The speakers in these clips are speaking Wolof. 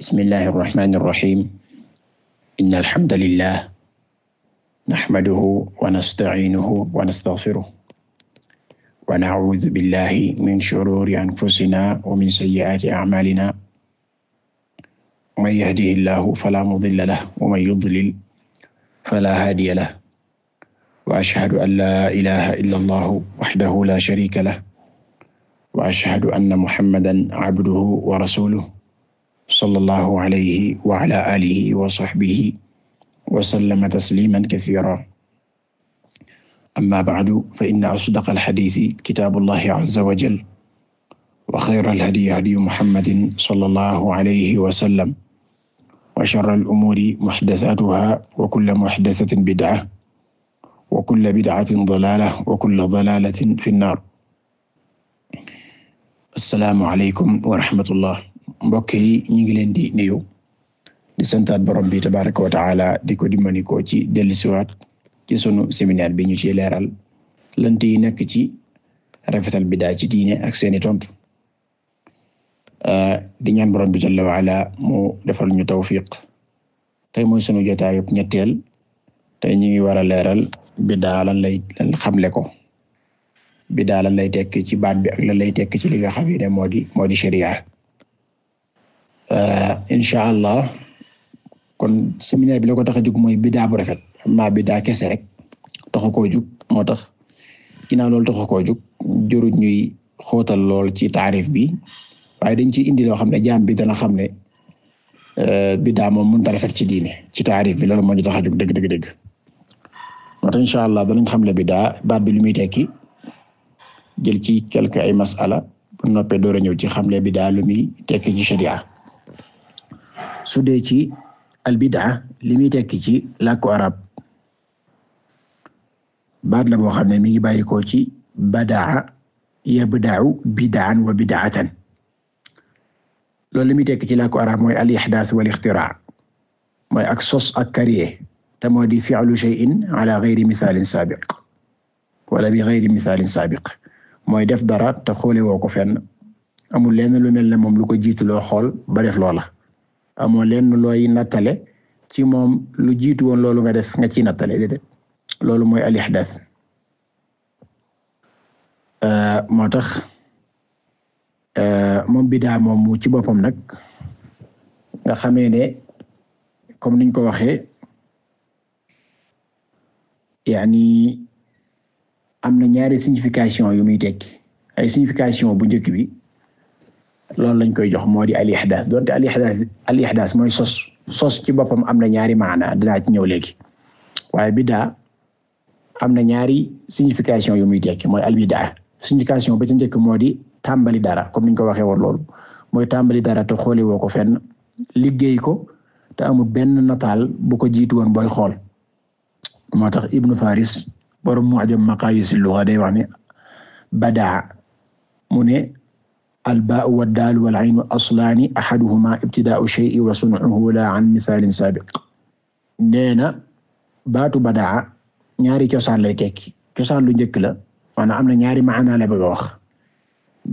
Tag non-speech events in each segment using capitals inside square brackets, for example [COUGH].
bismillahi irrahmani irrahim in alhamdulillah naxmaduhu wa nastaciinuhu wa nastaxfiruh wa nacuudu billahi min shuruuri anfusina wa min sayyi'aati acmaalina man yahdihi llahu falaa mudilla lah wa man yudlil falaa haadiya lah wa ashhadu an laa ilaaha illa allahu waxdahu laa shariika lah wa ashhadu anna muhammadan cabduhu wa rasuluhu sallallahu alayhi wa ala alihi wa sahbihi wa sallama tasliman kathira amma ba'du fa inna asdaqa alhadithi kitabullahi azza wa jal wa khayra alhadyi hadyu muhammadin sallallahu alayhi wa sallam wa sharra al-umuri muhdathatuha wa kullu muhdathatin bid'a wa kullu bid'atin dalalah wa kullu dalalatin fi an-nar assalamu alaykum wa rahmatullah mbokk yi ñu ngi leen di nuyu di santaat borom bi tabaraka wa taala di ko dimbanikoo ci dellusiwaat ci sunu séminaire bi ñu ci leeral lant yi nekk ci rafetal bidaa ci diine ak seeni tontu di ñaan borom bi jalla wa ala mu defal ñu tawfiq tey mooy sunu jotaayub ñetteel tey ñu ngi war a leeral bidaa lan lay lan xamle ko bidaa lan lay tekki ci baat bi ak lan lay tekki ci li nga xam ne moo di moo di sharia Euh, incha allah kon séminaire bi la ko tax a mooy bidaa bo rafet ma bidaa kese rek taxu koo jug moo tax ginnaaw loolu taxu koo jug jurut ñuy xootal lool ci taarif bi waaye dañ ci indi loo xam ne jaam bi dana xam ne euh, bidaa moom mënut a rafet ci diine ci taarif bi loolu moo ñu tax a jug dëgg dëgg dëgg moo tax incha allah danañ xam ne bidaa baat bi lu muy tekki jël ci quelque ay masala noppe noppee door a ñëw ci xamle bidaa lu muy tekki ci sharia su dee ci albidaa li muy tekki ci làkku arab baat la boo xam ne mi ngi bàyyi ko ci badaa yabda'u bid'an wa bid'atan loolu li muy tekki ci làkku arab mooy al ihdaas mooy ak sos ak créer te moo di fi'lu shay'in ala ghayri mithaalin saabiq wala bi ghayri mithaalin saabiq mooy def dara te xoole woo ko fenn amul lenn lu mel ne moom lu ko jiitu loo xool ba def loola amoo leen looy nattale ci moom lu jiitu woon loolu nga def nga ciy nattale déedéet loolu mooy al ihdaas euh, moo tax euh, moom bidaa moom mu ci boppam nag nga xamee ne comme niñ ko waxee yaani am na ñaari signification yu muy tekki ay signification bu njëkk bi loolu lañ koy jox moo di al ihdaas donte al ihdaas al mooy sos sos ci boppam am na ñaari maana dinaa ci ñëw léegi waaye bidaa am na ñaari signification yu muy tekki mooy al signification ba ci njëkk moo di tàmbali dara comme niñ ko waxee woon loolu mooy tàmbali dara te xooli woo ko fenn liggéey ko te amul benn nataal bu ko jiitu woon booy xool moo tax Ibn Faris borom Mu'jam Maqayis al-Lugha day wax ne badaa mu ne albaau waddaalu wal aynu aslaani ahaduhuma ibtidaau shay'i wa sun'uhu la an mithaalin saabiq nee baatu badaa ñaari cosaan lay tekki cosaan lu njëkk la maanaam am na ñaari maanaa la wax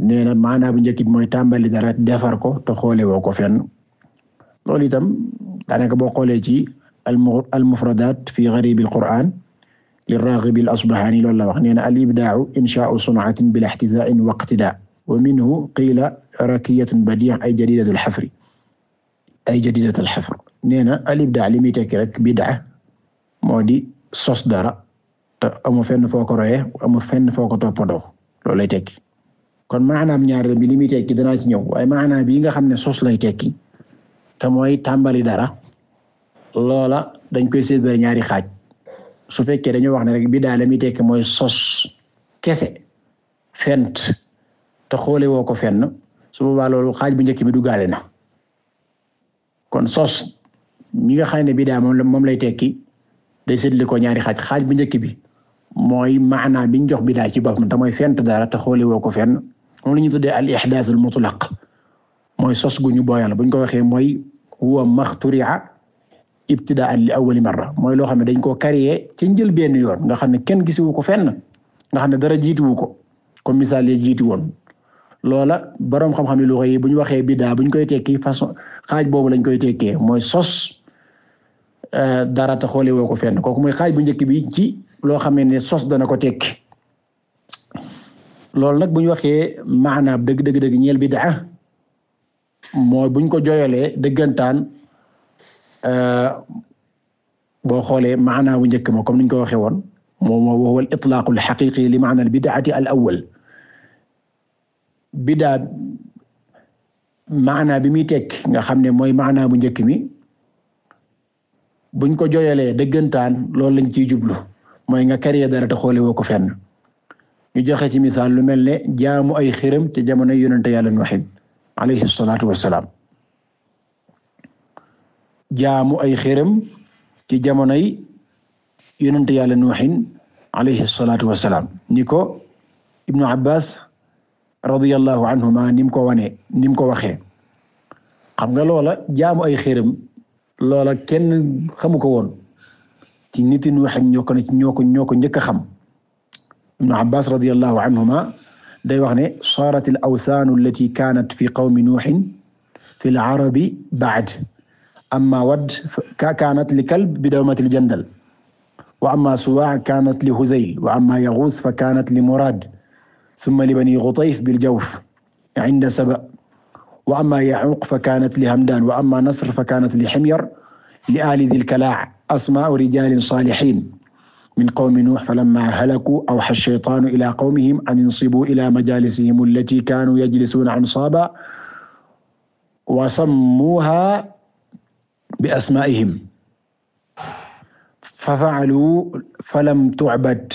nee na maanaa bu njëkk bi mooy tàmbali dara defar ko te xoole woo ko fenn loolu itam daanaka boo xoolee ci al mufradaat fi gharib al qur'an liraaghib al asbahani loolu la wax nee na al ibdaa'u inshaa'u sun'atin bil ihtizaa'in wa minhu qiila rakiyatun badi'a ay jadidatul xafri ay jadidatul xafr nee na al li muy tekki rek bid'a moo di sos dara te amu fenn foo ko royee fenn foo ko toppandoo loolu lay tekki kon maanaam ñaareel bi li muy tekki danaa ci ñëw waaye maanaam bii nga xam ne sos lay tekki te mooy tàmbali dara loola dañ koy séddale ñaari xaaj su fekkee dañoo wax ne rek bid'a li muy tekki mooy sos kese fent. te xoole woo ko fenn su boobaa loolu xaaj bu njëkk bi duggaale na kon sos mi nga xam ne bidaa moom moom lay tekki day séddale ko ñaari xaaj xaaj bu njëkk bi mooy maanaa biñ jox bidaa ci boppam te mooy fent dara te xoole woo ko fenn moom la ñu tuddee al ihdaath al mutlaq mooy sos gu ñu booyal buñ ko waxee mooy huwa maxturia ibtidaan li awwali marra mooy loo xam ne dañ koo créer ci njël benn yoon nga xam ne kenn gisiwu ko fenn nga xam ne dara jiituwu ko comme misaal yi jiitu woon loola boroom xam-xam yi lu koy bu ñu waxee bidaa bu koy tekki façon xaaj boobu lañ koy tekkee mooy sos euh, dara te xoole woo ko fenn kooku mooy xaaj bu njëkk bi ci loo xamee ne sos dana ko tekk loolu nag bu ñu waxee maanaam dëgg dëgg dëgg ñeel biddaa mooy buñ ko jooyalee dëggantaan euh, boo xoolee maanaa bu njëkk ma comme niñ ko waxee woon moom moo waxwal itlaaqul xaqiqi li maana al bidaati al awwal bidaa maanaa bi muy tekki nga xam ne mooy maanaa bu njëkk mi buñ ko jooyalee dëggantaan loolu lañ ciy jublu mooy nga créer dara te xoole woo ko fenn ñu joxe ci misaal lu mel ne jaamu ay xiram ci jamono yonente yàlla Nuuh alayhi salaatu wassalaam jaamu ay xiram ci jamonoy yonente yàlla Nuuh alayhi salaatu Ibnu Abbas radiyallahu anhuma ni mu ko wanee ni mu ko waxee xam nga loola jaamu ay xéeram loola kenn xamu ko woon ci nit ñi wax ak ñoo ko ñoo ko ñoo ko njëkk a xam ibnu abbas radiyallahu anhuma day wax ne saarat al awthaan allati kaanat fi qawmi nuuhin fi al arabi ba'd amma wadd kaanat li kalb bi dawmat al jandal wa amma suwaa kaanat li huzayl wa amma yaghuuth fa kaanat li muraad ثم لبني غطيف بالجوف عند سبأ وأما يعوق فكانت لهمدان وأما نصر فكانت لحمير لآل ذي الكلاع أسماء رجال صالحين من قوم نوح فلما هلكوا أوحى الشيطان إلى قومهم أن انصبوا إلى مجالسهم التي كانوا يجلسون أنصابا وسموها بأسمائهم ففعلوا فلم تعبد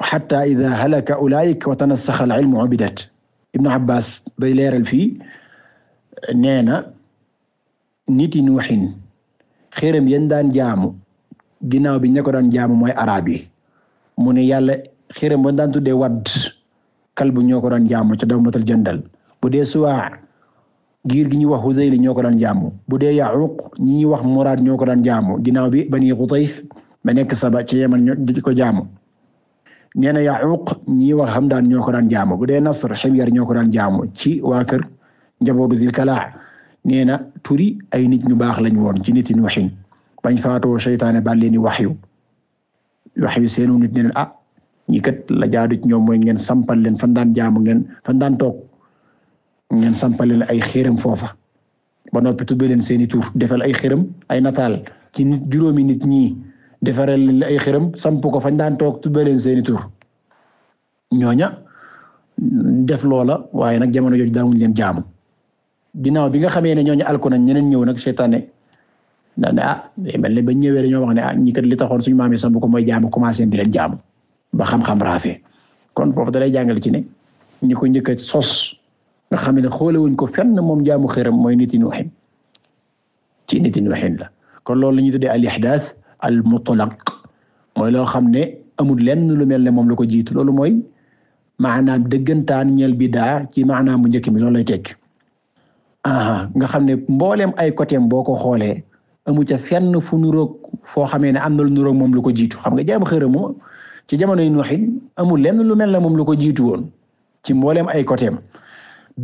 xataa ida halaka ulaayik wa tanassaxa al ilmu ubidat Ibn Abbas day leeral fii nee na nit yi nuuxin xéeram yan daan jaamu ginnaaw bi ña ko daan jaamu mooy araab yi mu ne yàlla xéeram ba daan tuddee wadd kal ñoo ko daan jaamu ca dawmatal jandal bu dee suwaa giir gi ñuy wax Hudayl ñoo ko daan jaamu bu dee Yaquq ñi ñuy wax Muraad ñoo ko daan jaamu ginnaaw bi bani Xutayf ba nekk Saba ci Yemen ñoo ko jaamu nee na Yaquq ñii wax Hamdaan ñoo ko daan jaamu bu dee Nasr Himyar ñoo ko daan jaamu ci waa kër njabootu si kala nee na turi ay nit ñu baax lañu woon ci nit yi Nuuhin bañ faatoo seytaane baal leen di waxyu waxyu seenu nit ne leen ah kat la jaadu ci ñoom mooy ngeen sampal leen fan daan jaamu ngeen fan daan toog ngeen sampal leen ay xéeram foofa ba noppi tudd leen seeni tur defal ay xéeram ay nataal ci nit juróomi nit ñi. defaral la ay xërëm samp ko fañ daan toog tuddee leen seeni tur ñooña def loola waaye nag jamono jooju daawuñ leen jaamu ginnaaw bi nga xamee ne ñooñu alku nañ ñeneen ñëw nag seytaane daa ne ah mel ne ba ñëwee ñoo wax ne ah ñi kat li taxoon suñu maam yi samp ko mooy jaamu commencé di leen jaamu ba xam-xam raafee kon foofu daray jàngal ci ne ñu ko njëkk a sos nga xam ne xoolewuñ ko fenn moom jaamu xërëm mooy nit yi ñu waxin ci nit yi la kon loolu al mutlaq mooy loo xam ne amul lenn lu mel ne moom la ko jiitu loolu mooy maanaam dëggantaan ñeel bidaa ci maanaam bu njëkk mi loolu lay tekki aha nga xam ne mboolem ay côté boo ko xoolee amu a fenn fu nuroog foo xamee ne am na lu nuroog moom lu ko jiitu xam nga jaam xëra ci jamono yu nuuxin amul lenn lu mel ne moom lu ko jiitu woon ci mboolem ay côté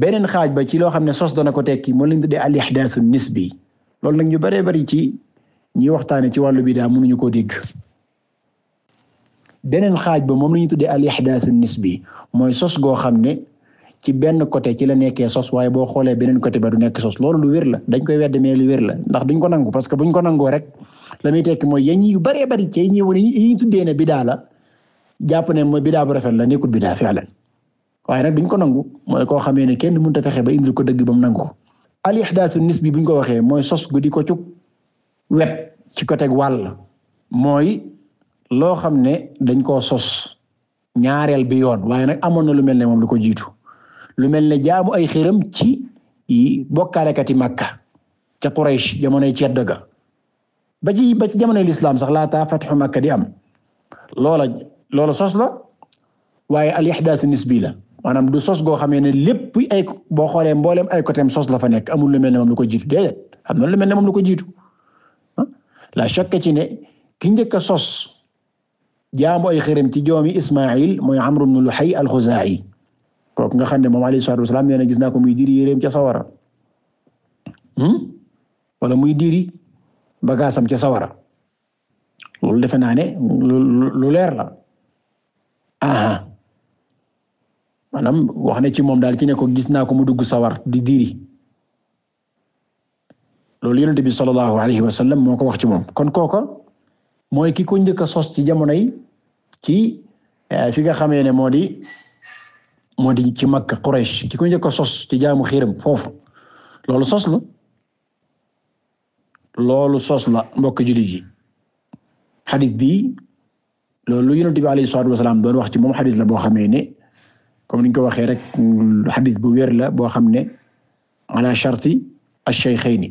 beneen xaaj ba ci loo xam ne soos doona ko tekki moo lañ tuddee al ihdaasu nisbi loolu nag ñu bari ci ñiy waxtaane ci wàllu bidaa mënuñu koo dégg beneen xaaj ba moom la ñu tuddee al ihdaasu nisbi mooy sos goo xam ne ci benn côté ci la nekkee sos waaye boo xoolee beneen côté ba du nekk sos loolu lu wér la dañ koy wedde mais lu wér la ndax duñ ko nangu parce que buñ ko nangoo rek la muy tekki mooy yañ yu baree bari ci ñi wane yi ñu tuddee ne bidaa la jàpp ne mooy bidaa bu rafet la nekkul bidaa fi'lan waaye nag duñ ko nangu mooy koo xamee ne kenn mënut a fexe ba indil ko dëgg ba mu nangu ko al ihdaasu nisbi buñ ko waxee mooy sos gu di ko cuk wet ci côté wàll mooy loo xam ne dañ koo sos ñaareel bi yoon waaye nag amoon na lu mel ne moom lu ko jiitu lu mel ne jaamu ay xëram ci bokkaalekati Makka ca Quraysh jamonoy ceddo ga ba ci ba ci jamonoy lislaam sax laataa fatxu Makka di am loola loola sos la waaye al ihdaasu nisbi la maanaam du sos goo xamee ne lépp ay boo xoolee mbooleem ay côté sos la fa nekk amul lu mel ne moom lu ko jiitu déedéet am na lu mel ne moom lu ko jiitu la shakka ci ne ki njëkk a sos jaamu ay xërëm ci joomi Ismaïl mooy Amr ibn Luhay al-Khuzaa'i kooku nga xam ne moom alayhi salaatu wasalaam nee na gis naa ko muy diri yéreem ca sawara hmm? wala muy diri bagaasam ca sawara loolu defe naa ne lu leer la aha maanaam wax na ci moom daal ki ne ko gis naa ko mu dugg sawar di diri loolu yonent bi sallallahu alayhi wa sallam moo ko wax ci moom kon kooka mooy ki ko njëkk a sos ci jamonoy ci eh, fi nga xamee ne moo di moo di ci Makka Quraysh ki ko njëkk a sos ci jaamu xiram foofu loolu sos la loolu sos la mbokk jullit yi xadis bi loolu yonent bi alayhi salaatu wasalaam doon wax ci moom xadis la boo xamee ne comme niñ ko waxee rek xadis bu wér la boo xam ne ala sharti ash-shaykhayni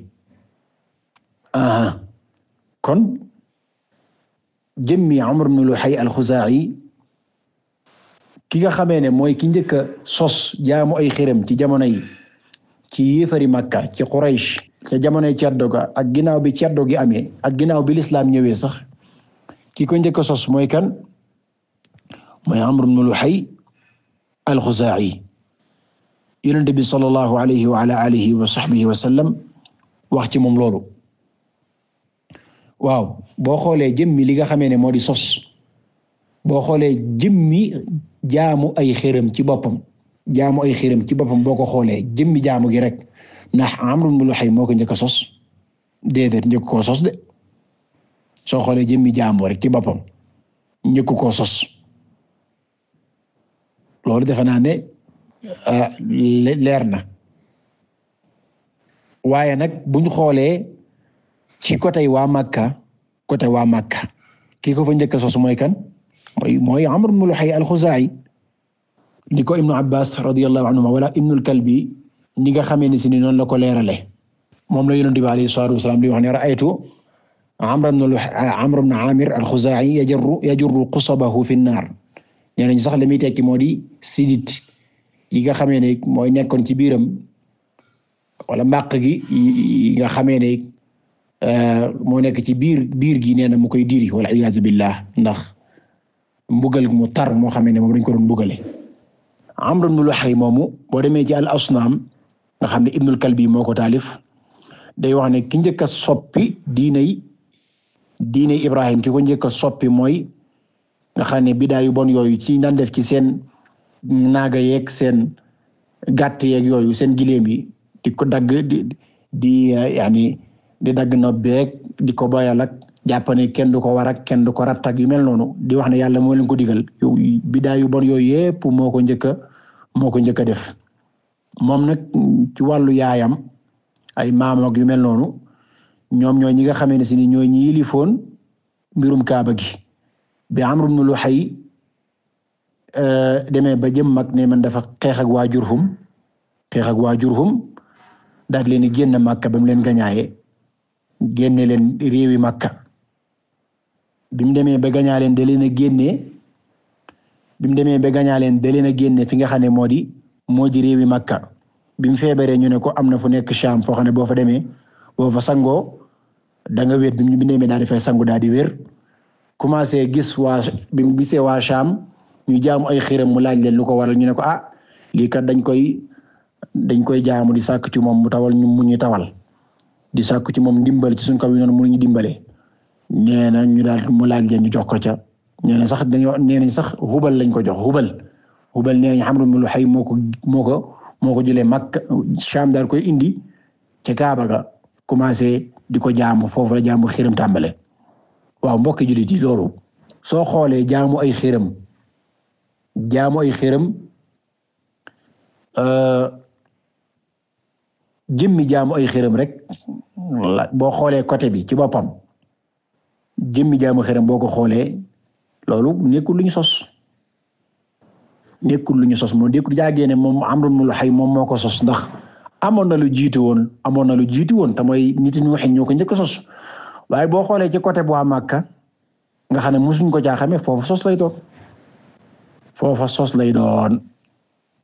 kon jëmmi Amr ibn Luhay al ki nga xamee ne mooy ki njëkk sos jaamu ay xërëm ci jamono yi ci yéefari Makka ci Quraysh ca jamonoy ceddo ga ak ginnaaw bi ceddo gi amee ak ginnaaw bi lislaam ñëwee sax ki ko njëkk sos mooy kan mooy Amr ibn Luhay al-Xuzaa'i Yonent bi sallallahu alayhi wa ala alihi wa sahbihi wax ci moom loolu waaw boo xoolee jëmmi li nga xamee ne moo di sos boo xoolee jëmmi jaamu ay xërëm ci boppam jaamu ay xërëm ci boppam boo ko xoolee jëmmi jaamu gi rek ndax Amru ibn Luhay moo ko njëkk a sos déedéet njëkk koo sos de soo xoolee jëmmi jaamu rek ci boppam njëkk koo sos loolu defe naa ne ah, leer na waaye nag buñ xoolee. ci côté wa Makka côté wa Makka kii ko fa njëkk a sos mooy kan mooy mooy Amr ibn Luhay al-Khuzaa'i ni Ibnu Abbas radiyallahu anhuma wala Ibnul Kalbi ñi nga xamee ni si ni noonu la ko leerale moom la Yonent bi alayhi salaatu wa salaam di wax ne ra'aytu Amr ibn Luhay Amr ibn Aamir al sax li muy tekki moo di sidit yi nga xamee ne mooy nekkoon ci biiram wala mbàq gi yi nga xamee Eh, moo nekk ci biir biir gi nee na mu koy diiri wal iyaazu billah ndax mbugal mu tar moo xam ne moom dañ ko doon mbugale Amr ibn Luhay moomu boo demee ci al asnaam nga xam ne Ibnul Kalbi moo ko taalif day wax ne ki njëkk a soppi diinay diinay Ibrahim ki ko njëkk a soppi mooy nga xam ne bidaa bon yooyu ci daan def ci seen naaga yeeg seen gàtt yeeg yooyu seen gileem yi di ko dagg di eh, yaani di dagg nopp beeg di ko boyal ak jàpp kenn du ko war ak kenn du ko ratt ak yu mel noonu di wax ne yàlla moo leen ko digal bidaa yu bon yooyu yëpp moo ko njëkk moo ko njëkk a def moom nag ci wàllu yaayam ay maam ak yu mel noonu ñoom ñooy ñi nga xamee ne si ni ñooy ñi yilifoon mbirum kaaba gi bi am Amru ibn Luhay eh, demee ba jëm mag ne man dafa xeex ak waa Jurhum xeex ak waa Jurhum daal leen génn Makka ba mu leen gañaaye génne leen réewi Makka bi mu demee ba gañaa leen da leen a génne bi mu demee ba gañaa leen da leen a génne fi nga xam ne moo di moo di réewi Makka bi mu feebaree ñu ne ko am na fu nekk Sham foo xam ne boo fa demee boo fa sangoo danga nga wér deme mu demee daal di fay sangu daal di wér commencé gis waa bi mu gisee waa Sham ñu jaamu ay xiram mu laaj leen lu ko waral ñu ne ko ah lii kat dañ koy dañ koy jaamu di sàkk ci moom mu tawal ñu mu ñu tawal. di sàkku ci moom ndimbal ci suñ kaw yi noonu mënuñu dimbale nee na ñu daal mu laaj leen jox ko ca nee na sax dañoo nee nañ sax xubal lañ ko jox Hubal Hubal nee nañ Amr ibn Luhay moo ko moo ko moo ko jëlee Makka Sham daal koy indi ca Kaaba ga commencé di ko jaamu foofu la jaamu xiram tàmbale waaw mbokki jullit yi loolu soo xoolee jaamu ay xiram jaamu ay xiram euh, jëmmi jaamu ay xërëm rek boo xoolee côté bi ci boppam jëmmi jaamu xërëm boo ko xoolee loolu nekkul lu ñu sos nekkul lu ñu sos moo nekkul jaagee ne moom Amru ibn Luhay moom moo ko sos ndax amoon na lu jiitu woon amoon na lu jiitu woon te mooy nit ñu waxin ñoo ko njëkk sos waaye boo xoolee ci côté bu waa Makka nga xam ne mosuñ ko jaaxame foofu sos lay doon foofa sos lay doon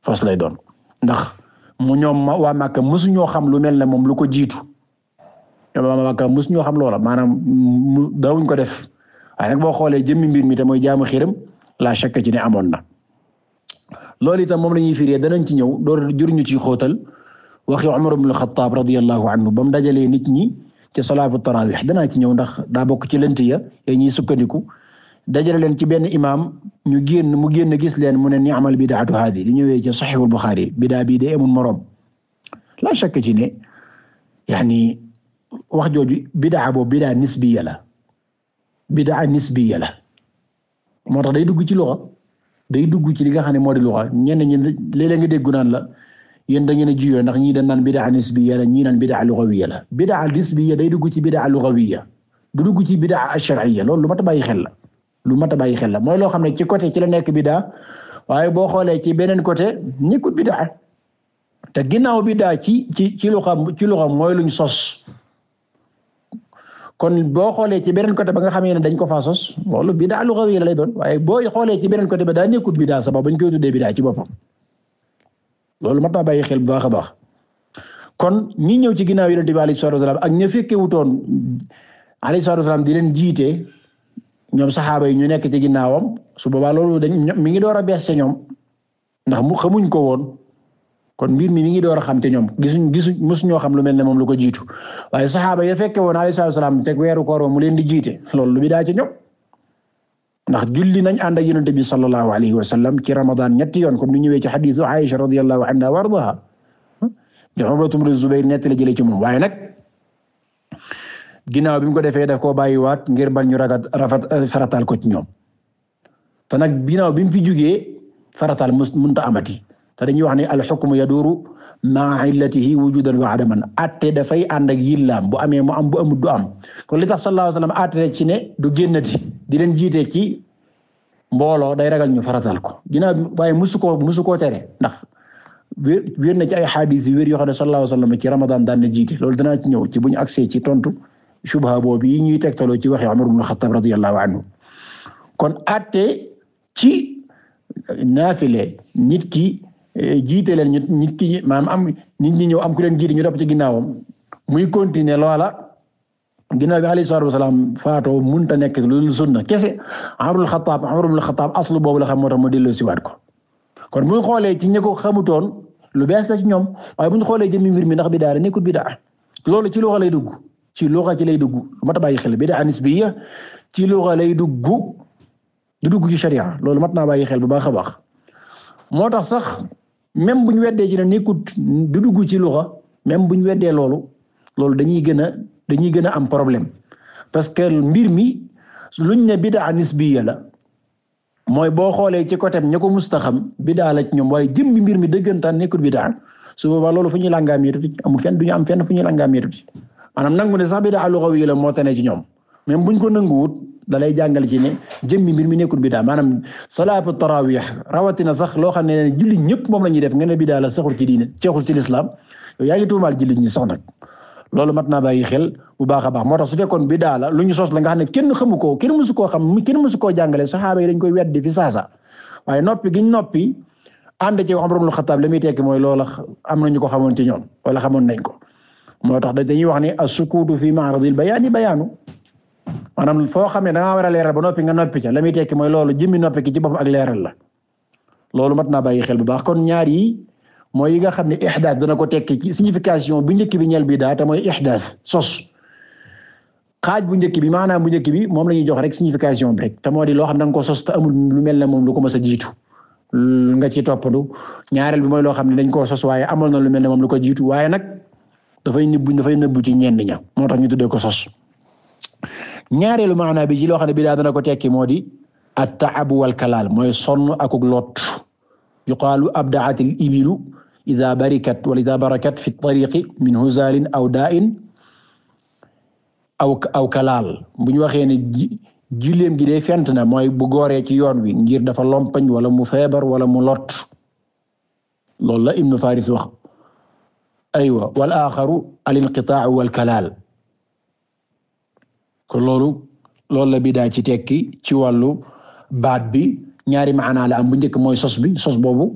sos lay doon ndax. mu ñoom waa Màkka mësuñoo xam lu mel ne moom lu ko jiitu ñoom waa Màkka mësuñoo xam loola maanaam mu daawuñ ko def waaye nag boo xoolee jëmmi mbir mi te mooy jaamu xiram la chakka ci ne amoon na. loolu itam moom la ñuy firee danañ ci ñëw door jurñu ci xóotal waxi Umar ibn al-Khattab radiyallahu anhu ba mu dajalee nit ñi ci salaatu tarawih danaa ci ñëw ndax daa bokk ci lënt ya ñuy sukkandiku dajale leen ci benn imaam ñu génn mu génn gis leen mu ne ni'mal bid'atu haadi di ñëwee ci Sahihul Bukhari xaari bii de amul morom la shakk ci ne yaani wax jooju bid'a boobu bid'a nisbiya la bid'a nisbiya la moo tax day dugg ci luxa day dugg ci li nga xam ne moo di luxa ñenn ñi léeg-léeg nga déggu naan la yéen da ngeen a jiyoo ndax ñii dañ naan bid'a nisbiya la ñii naan bid'a lughawiyya la bid'a nisbiya day dugg ci bid'a ya du dugg ci bid'a shar'iyya loolu lu mat a bàyyi xel la lu mat a bàyyi xel la mooy loo xam ne ci côté ci la nekk biddaa waaye boo xoolee ci beneen côté nekkut biddaa te ginnaaw biddaa ci ci ci lu xam ci lu xam mooy luñ sos kon boo xoolee ci beneen côté ba nga xamee ne dañ ko faa sos loolu biddaa lu xaw a lay doon waaye boo xoolee ci beneen côté ba daa nekkut biddaa sabab bañ koy tuddee biddaa ci boppam loolu mat a bàyyi xel bu baax a baax kon ñi ñëw ci ginnaaw yonent bi alayhi salaatu wasalaam ak ña fekke wutoon alayhi salaatu wasalaam di leen jiite. ñoom saxaaba yi ñu nekk ci ginnaawam su boobaa loolu dañ mi ngi door a bees ci ñoom ndax mu xamuñ ko woon kon mbir mi mi ngi door a xam ci ñoom gisuñ gisuñ mosu ñoo xam lu mel ne moom lu ko jiitu waaye saxaaba ya fekke woon alayhi salaam teg weeru koor mu leen di jiite loolu lu bi daa ci ñoom ndax julli nañ ànd ak yonent bi sallallahu alayhi wa sallam ci Ramadan ñetti yoon comme ni ñëwee ci xadiisu Aïcha radiyallahu anha wardaha di Urwatu bnu Zubayr nettali jële waaye nag ginnaaw bi mu ko defee daf koo bàyyiwaat ngir bañ ñu ragat rafet eh, farataal ko ci ñoom te nag ginnaaw bi mu fi jugee farataal munta amati te dañuy wax ne al hukmu yaduuru ma'a illatihi wujudan wa adaman atte dafay ànd ak yillaam bu amee mu am bu amul du am kon li tax sallallahu alayhi wasallam atte ci ne du génnati di leen jiite ci mbooloo day ragal ñu farataal ko ginnaaw waaye musu koo musu koo tere ndax wér na ci ay xaadis yu wér yoo xam ne ci ramadan daan na jiite loolu danaa ci ñëw ci bu ñu agsee ci tontu. shubha boob yi ñuy tegtaloo ci waxi Umar ibn Khattab radiyallahu anhu kon atte ci naafile nit ki eh, jiite leen nit ki maam am nit ñi ñëw am ku leen jiite ñu topp ci ginnaawam muy continuer loola ginnaaw bi alayhi salaatu wasalaam faatoo munta nekk lu sunna kese Umarul Xattaab Umarul Xattaab aslu boobu la xam moo tax mu ko kon bu xoolee ci ñi ko xamutoon lu bees la ñoom waaye bu ñu xoolee jëmmi mbir mi ndax bidaa la nekkul bidaa loolu ci lu lay dugg ci luxa ci lay dugg mat a bàyyi xel bid'a nisbiyya ci luxa lay dugg du dugg ci sharia loolu mat naa bàyyi xel bu baax a baax moo tax sax même bu ñu weddee ci ne nekkut du dugg ci luxa même bu ñu weddee loolu loolu dañuy gën a dañuy gën a am problème parce que mbir mi luñ ne bid'a nisbiyya la mooy boo xoolee ci côté ña ko mustaxam bid'a la ci ñoom waaye jëmmi mbir mi dëggantaan nekkut bid'a su boobaa loolu fu ñuy langaam yétu fi amul fenn duñu am fenn fu ñuy langaam yétu maanaam nangu ne sax bidaa lugawi la moo tane ci ñoom même buñ ko nanguwut da lay jàngal ci ne jëmmi mbir mi nekkul bidaa maanaam salaatu tarawih rawatina sax loo xam ne julli ñëpp moom la ñuy def nga ne bidaa la saxul ci diine ceexul ci lislaam yow yaa ngi tuumaal julli ñi sax nag loolu mat naa bàyyi xel bu baax a baax moo tax su fekkoon bidaa la lu ñu sos la nga xam ne kenn xamu ko kenn mësu koo xam kenn mësu koo jàngale saxaaba yi dañ koy weddi fi saasa waaye noppi giñ noppi ànd ci wax Umar ibn Xattaab li muy tekki mooy loola am nañu ko xamoon ci ñoom wala xamoon nañ ko moo tax dañuy wax a as-sukuutu fi ma'radil bayaani bayaanu maanaam foo xam ne da ngaa war a leeral ba noppi nga noppi ca la muy tekki mooy loolu jëmmi noppi ki ci la loolu mat naa bàyyi xel bu baax kon ñaar yi mooy yi nga xam ne ihdaas dana ko tekki ci signification bu njëkk bi ñeel bi daa te mooy ihdaas sos xaaj bu njëkk bi maanaam bu njëkk bi moom la ñuy jox rek signification bi rek te moo di loo xam da nga ko sos lu mel ne moom ko mës a jiitu nga ci toppadu ñaareel loo xam ne dañ koo sos waaye amoon na lu mel ne moom lu ko jiitu waaye nag dafay nëbbu dafay nëbbu ci ñenn ña moo tax ñu tuddee ko sos ñaareelu maana bi ci loo xam ne bi daa dana ko tekki moo di at-ta'ab wal kalaal mooy sonn akuk lot yuqaalu abda'atil ibilu idha barikat wala idha barakat fi at min huzalin aw da'in aw aw kalaal bu ñu waxee ne julleem gi day fent na mooy bu gooree ci yoon wi ngir dafa lompañ wala mu feebar wala mu lot loolu la Ibn Faris wax aywa wal axaru al inqitaa wal kalaal kon loolu loolu la bidaa ci tekki ci wàllu baat bi ñaari maanaa la am bu njëkk mooy sos bi sos boobu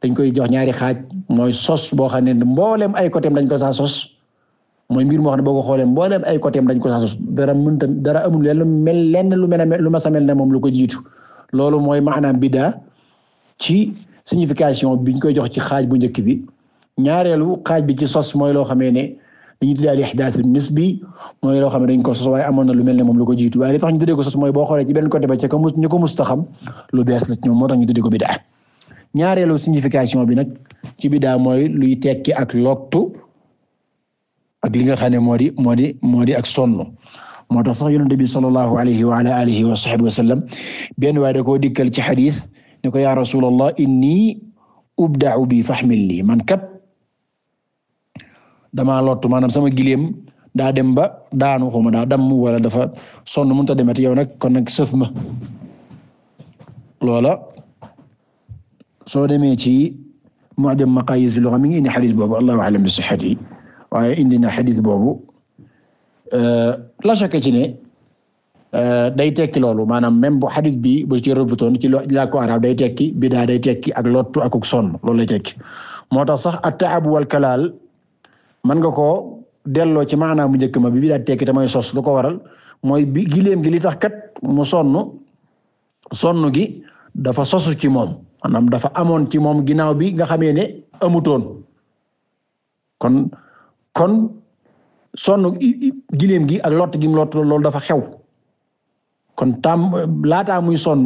dañ koy jox ñaari xaaj mooy sos boo xam ne mbooleem ay côté dañ ko saa sos mooy mbir moo ne boo xoolee mbooleem ay côté dañ ko saa sos dara dara amul lenn mel lenn lu mel ne lu ma sa ne moom lu ko jiitu loolu mooy maanaam bidaa ci signification biñ koy jox ci xaaj bu njëkk bi. ñaareelu xaaj bi ci sos mooy loo xamee ne dañuy tuddee al ihdaasu nisbi mooy loo xam ne dañ ko sos waaye amoon na lu mel ne moom li ko sos mooy boo xoolee ci benn côté ba lu bees la ci moo tax ñu tuddee ko bidaa ñaareelu signification bi nag ci bidaa mooy luy tekki ak lottu ak li nga xam ne moo di moo di moo di ak sonn moo tax sax yonent bi sallallahu alayhi wa ala alihi wa sahbihi wa sallam benn waaye da koo dikkal ci xadis ne ko yaa rasulallah inni ubda'u bi fahmil li man kat damaa lottu maanaam sama gileem daa dem ba daanu xuma daa damm wala dafa sonn mënut a demati yow nag kon nag sëf ma loola soo demee ci Mu'jam Maqaayis al-Lugha mi ngi indi xadis boobu allahu a'lam bi sihhati waaye indi na xadis boobu euh, la shakka ci ne euh, day tekki loolu maanaam même bu xadis bi bu ci rëbbutoon ci làkku arab day tekki bidaa day tekki ak lottu ak sonn loolu lay tekki moo tax sax at-ta'ab wal mën nga koo delloo ci maanaam bu njëkk ma bi bi daal tekki te mooy sos lu ko waral mooy bi giléem gi li tax kat mu sonn sonn gi dafa sosu ci moom maanaam dafa amoon ci moom ginnaaw bi nga xamee ne amutoon kon kon sonn giléem gi ak lott gi mu lott loolu dafa xew kon tam laataa muy sonn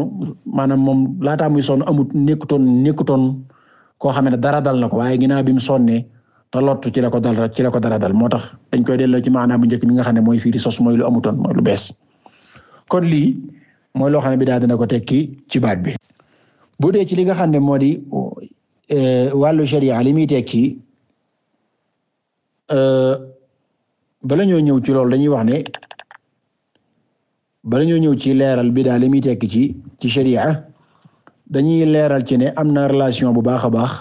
maanaam moom laataa muy sonn amut nekkutoon nekkutoon koo xam ne dara dal na ko waaye ginaaw bi mu sonnee te lottu ci la ko dal ci la ko dara dal moo tax dañ koy delloo ci maanaam bu njëkk mi nga xam ne mooy firi sos mooy lu amutoon mooy lu bees kon lii mooy loo xam ne bi daal dina ko tekki ci baat bi. bu dee ci li nga xam ne moo di eh, wàllu li muy tekki eh, bala ñoo ñëw ci loolu dañuy wax ne bala ñoo ñëw ci leeral bi daal li muy tekki ci ci sharia dañuy leeral ci ne am na relation bu baax a baax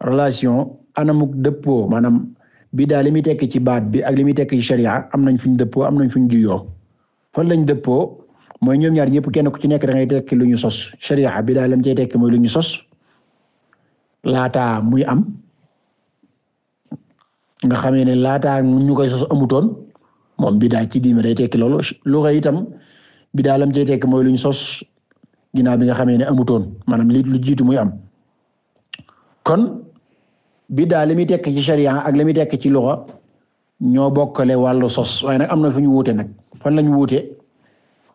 relation. anamuk dëppoo maanaam bidaa li muy tekki ci baat bi ak li muy tekki ci sharia am nañ fuñ dëppoo am nañ fuñ juyoo fan lañ dëppoo mooy ñoom ñaar ñëpp kenn ku ci nekk da ngay lu ñu sos sharia bidaa lam cay tekki mooy lu ñu sos laataa muy am nga xamee ne laataa ñu koy sos amutoon moom bidaa ci diime day tekki loolu lu koy itam bidaa lam cay tekki mooy lu ñu sos ginnaaw bi nga xamee ne amutoon maanaam li lu jiitu muy am kon biddaa li muy tekk ci sharia ak li muy tekk ci luxa ñoo bokkale wàllu sos waaye nag am na fu wuute nag fan la ñu wuute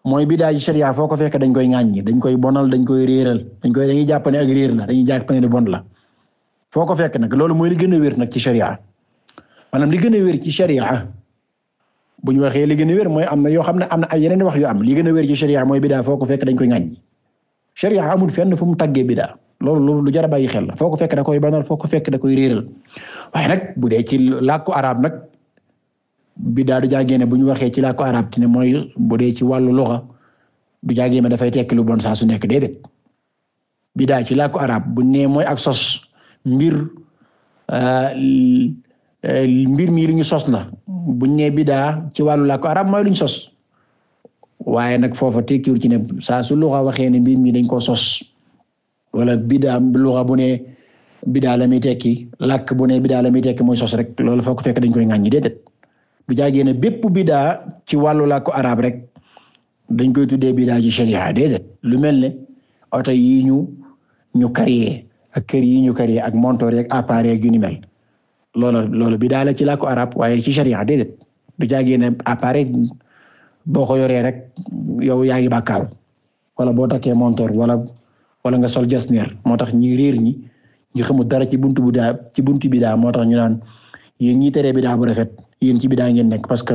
mooy biddaa ci sharia foo ko fekk dañ koy ŋaññi dañ koy bonal dañ koy réeral dañ koy dañuy jàpp ne ak réer la dañuy jàpp ne bon la foo ko fekk nag loolu mooy li gën a wér nag ci sharia maanaam li gën a wér ci sharia bu ñu waxee li gën a wér mooy am na yoo xam ne am na ay yeneen wax yu am li gën a wér ci mooy biddaa foo ko fekk dañ koy ŋaññi sharia amul fenn fu mu tàggee biddaa loolu lu jar a bàyyi xel la foo ko fekk da koy banal ko fekk da koy réeral waaye nag bu dee ci làkku arab nag bi daa du jàngee ne bu ñu waxee ci làkku arab te ne mooy bu dee ci wàllu loxa du jàngee ne dafay bon saa su nekk déedéet bi daa ci làkku araab bu nee mooy ak sos mbir euh, mbir mii lu sos na buñ nee bidaa ci wàllu làkku arab mooy lu ñu sos waaye nag foofa tekkiwul ci ne saa su loxa waxee ne mbir mi dañ koo sos wala bidaa luxa bu ne bidaa la muy tekki làkk bu ne bidaa la muy mooy sos rek lool foo ko fekk dañ koy ŋàññi déedéet du jaagee ne bépp bidaa ci wàllu làkku arab rek dañ koy tuddee bidaa ci sharia déedéet lu mel ne oto yi ñu ñu créé ak kër yi ñu créé ak montor ak appareil yu ni mel loolu loolu bidaa la ci làkku arab waaye ci sharia déedéet du jaagee ne appareil boo ko yoree rek yow yaa ngi bàkkaaru wala boo takkee montor wala wala nga sol jasneer moo tax ñi réer ñi ñu xamul dara ci buntu bu daa ci buntu bi daa moo tax ñu naan yéen ñi teree bi daa bu rafet yéen ci bi daa ngeen nekk parce que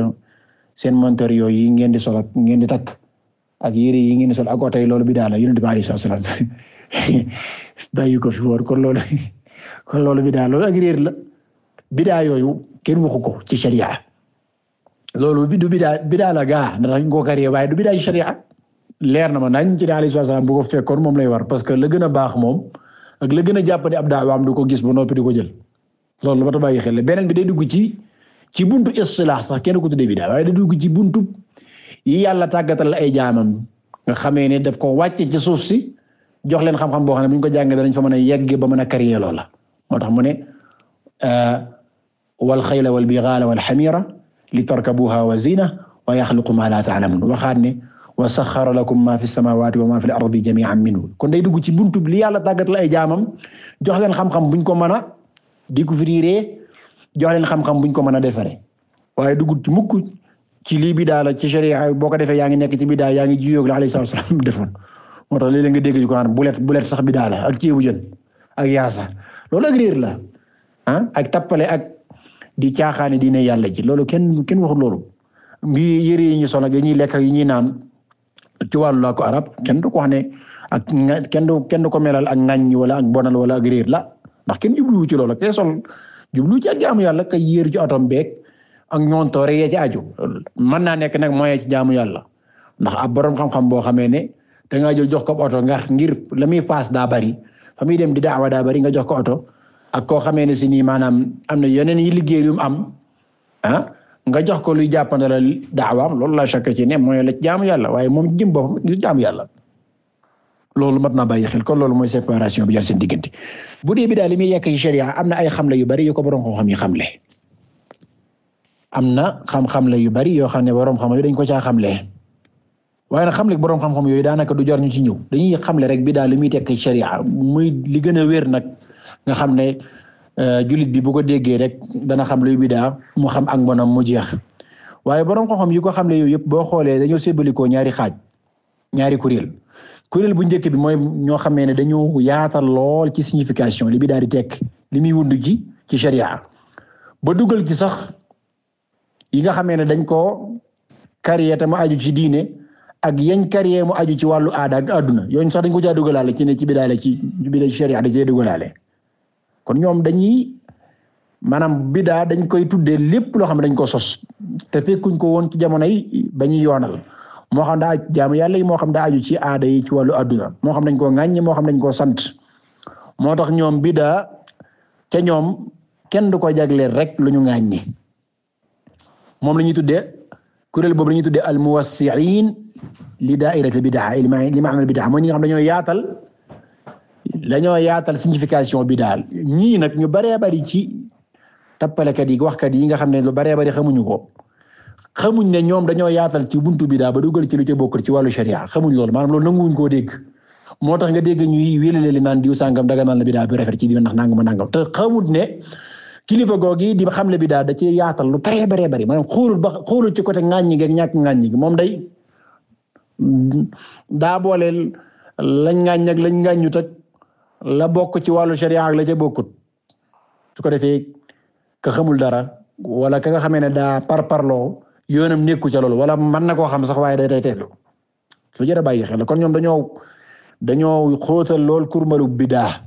seen monteur yooyu yi ngeen di sol ngeen di takk ak yére yi ngeen di sol ak oto yi loolu bi daa la Yonent bi sallallahu alayhi wasallam [LAUGHS] bàyyi ko fi woon kon loolu kon loolu bi daa loolu ak réer la bidaa yooyu kenn waxu ko ci sharia loolu du bidaa bidaa la gaa ndax ñu ko kariye waaye du bidaa ci sharia leer na ma nañ ci alayhi salaam bu ko fekkoon moom lay war parce que la gën a baax moom ak la gën a jàppandi ab daawaam du ko gis ba noppi di ko jël loolu ba ta bàyyi xel beneen bi day dugg ci ci buntu istilaax sax kenn ko tuddee bidaa waaye day dugg ci buntu yi yàlla tàggatal la ay jaamam nga xamee ne def ko wàcce ci suuf si jox leen xam-xam boo xam ne bu ñu ko jàngee danañ fa mën a yegg ba mën a carrière loola moo tax mu ne wal xayla wal bigaala wal xamira li tarkabuha wa zina wa yaxluqu ma la taalamun waxaat ne waa saxara lakum ma fi samawati wa ma fi al-ardi jami'an minhu kon day dugg ci buntu li yàlla tàggat la ay jaamam jox leen xam-xam buñ ko mën a découvrir jox leen xam-xam buñ ko mën a defaree waaye dugg ci mukk ci lii bidaa la ci sharia boo ko defee yaa ngi nekk ci bidaa yaa ngi jiyoog la alayhi salaam [LAUGHS] defoon moo tax léeg-léeg nga dégg ci ko naan bulet bulet sax bidaa la ak ceebu jën ak yaasa loolu ak réer la ah ak tappale ak di caaxaane diine yàlla ci loolu kenn kenn waxul loolu mbi yëre lekk yi ñuy naan ci wàllu làkku arab kenn du ko wax ne ak kenn du kenn du ko melal ak ŋaññi wala ak bonal wala ak réer la ndax kenn jubluwu ci loola kee sol jublu ci ak jaamu yàlla kay yéeru ci atom beeg ak ñoontoore yee ci aju mën naa nekk nag moyen ci jaamu yàlla ndax a boroom xam-xam boo xamee ne da ngaa jël jox ko oto ngar ngir la muy paas daa bari fa muy dem di daawa daa bari nga jox ko oto ak koo xamee ne si nii maanaam am na yeneen yi liggéey yu mu am ah, nga jox ko luy jàppandala daawaam loolu la chakk ci ne mooy la jaam yàlla waaye moom jëm boppam du yàlla loolu mat naa bàyyi xel kon loolu mooy séparation bi jar seen diggante bu dee bi daal li muy yekk ci sharia am na ay xamle yu bari yu ko borom xam-xam yi na xam-xam la yu bari yoo xam ne borom xam-xam yi ko caa xamle waaye nag xamle borom xam yooyu daanaka du jar ñu ci ñëw dañuy xamle rek bi daal li muy tekk ci sharia muy li gën a wér nag nga xam ne Euh, jullit bi bu ko déggee rek dana xam luy bidaa mu xam ak mbonam mu jeex waaye borom xam-xam yi ko xam le yooyu yëpp boo xoolee dañoo ñaari xaaj ñaari kuréel kuréel bu njëkk bi mooy ñoo xamee ne dañoo yaatal lool ci signification li bidaa di tekk li muy wund ji ci sharia ba dugal ci sax yi nga xamee ne dañ ko carrière te mu aju ci diine ak yañ carrière mu aju ci wàllu aada ak adduna yooyu sax dañ ko caa dugalaale ci ne ci bidaa la ci bidaa sharia da cee dugalaale kon ñoom dañuy maanaam bidaa dañ koy tuddee lépp loo xam ne dañ ko sos te fekkuñ ko woon ci jamono yi ba yoonal moo xam daa jaamu yàlla yi moo xam daa aju ci aada yi ci wàllu adduna moo xam dañ ko ŋàññi moo xam dañ koo sant moo tax ñoom bidaa te ñoom kenn du ko jagleel rek lu ñu ŋàññi moom la ñuy tuddee kuréel boobu la ñuy tuddee al muwassiin li daairati bidaa li maana bidaa mooy ñi xam dañoo yaatal dañoo yaatal signification bi daal ñii nag ñu baree bari ci tappalekat yi waxkat yi nga xam ne lu baree bari xamuñu ko xamuñ ne ñoom dañoo yaatal ci buntu bi daal ba dugal ci lu ca bokkul ci wàllu sharia xamuñ loolu maanaam loolu nanguwuñ koo dégg moo tax nga dégg ñu wéelale li naan diw sàngam daga naan la bidaa bi rafet ci diw ndax nangam nangam te xamut ne kilifa googi di xam le bidaa da cee yaatal lu baree baree bari maanaam xoolul ba xoolul ci côté ŋàññi gi ñàkk ŋàññi gi moom day daa booleel lañ ŋàññ ak lañ ŋàññut la bokk ci wàllu sharia la ca bokkut su ko defee ka xamul dara wala ka nga xamee ne daa par parloo yoonam nekku ca loolu wala mën na koo xam sax da day tey teelu su jërë bàyyi xel kon ñoom dañoo dañoo xóotal lool kurmalu bidaa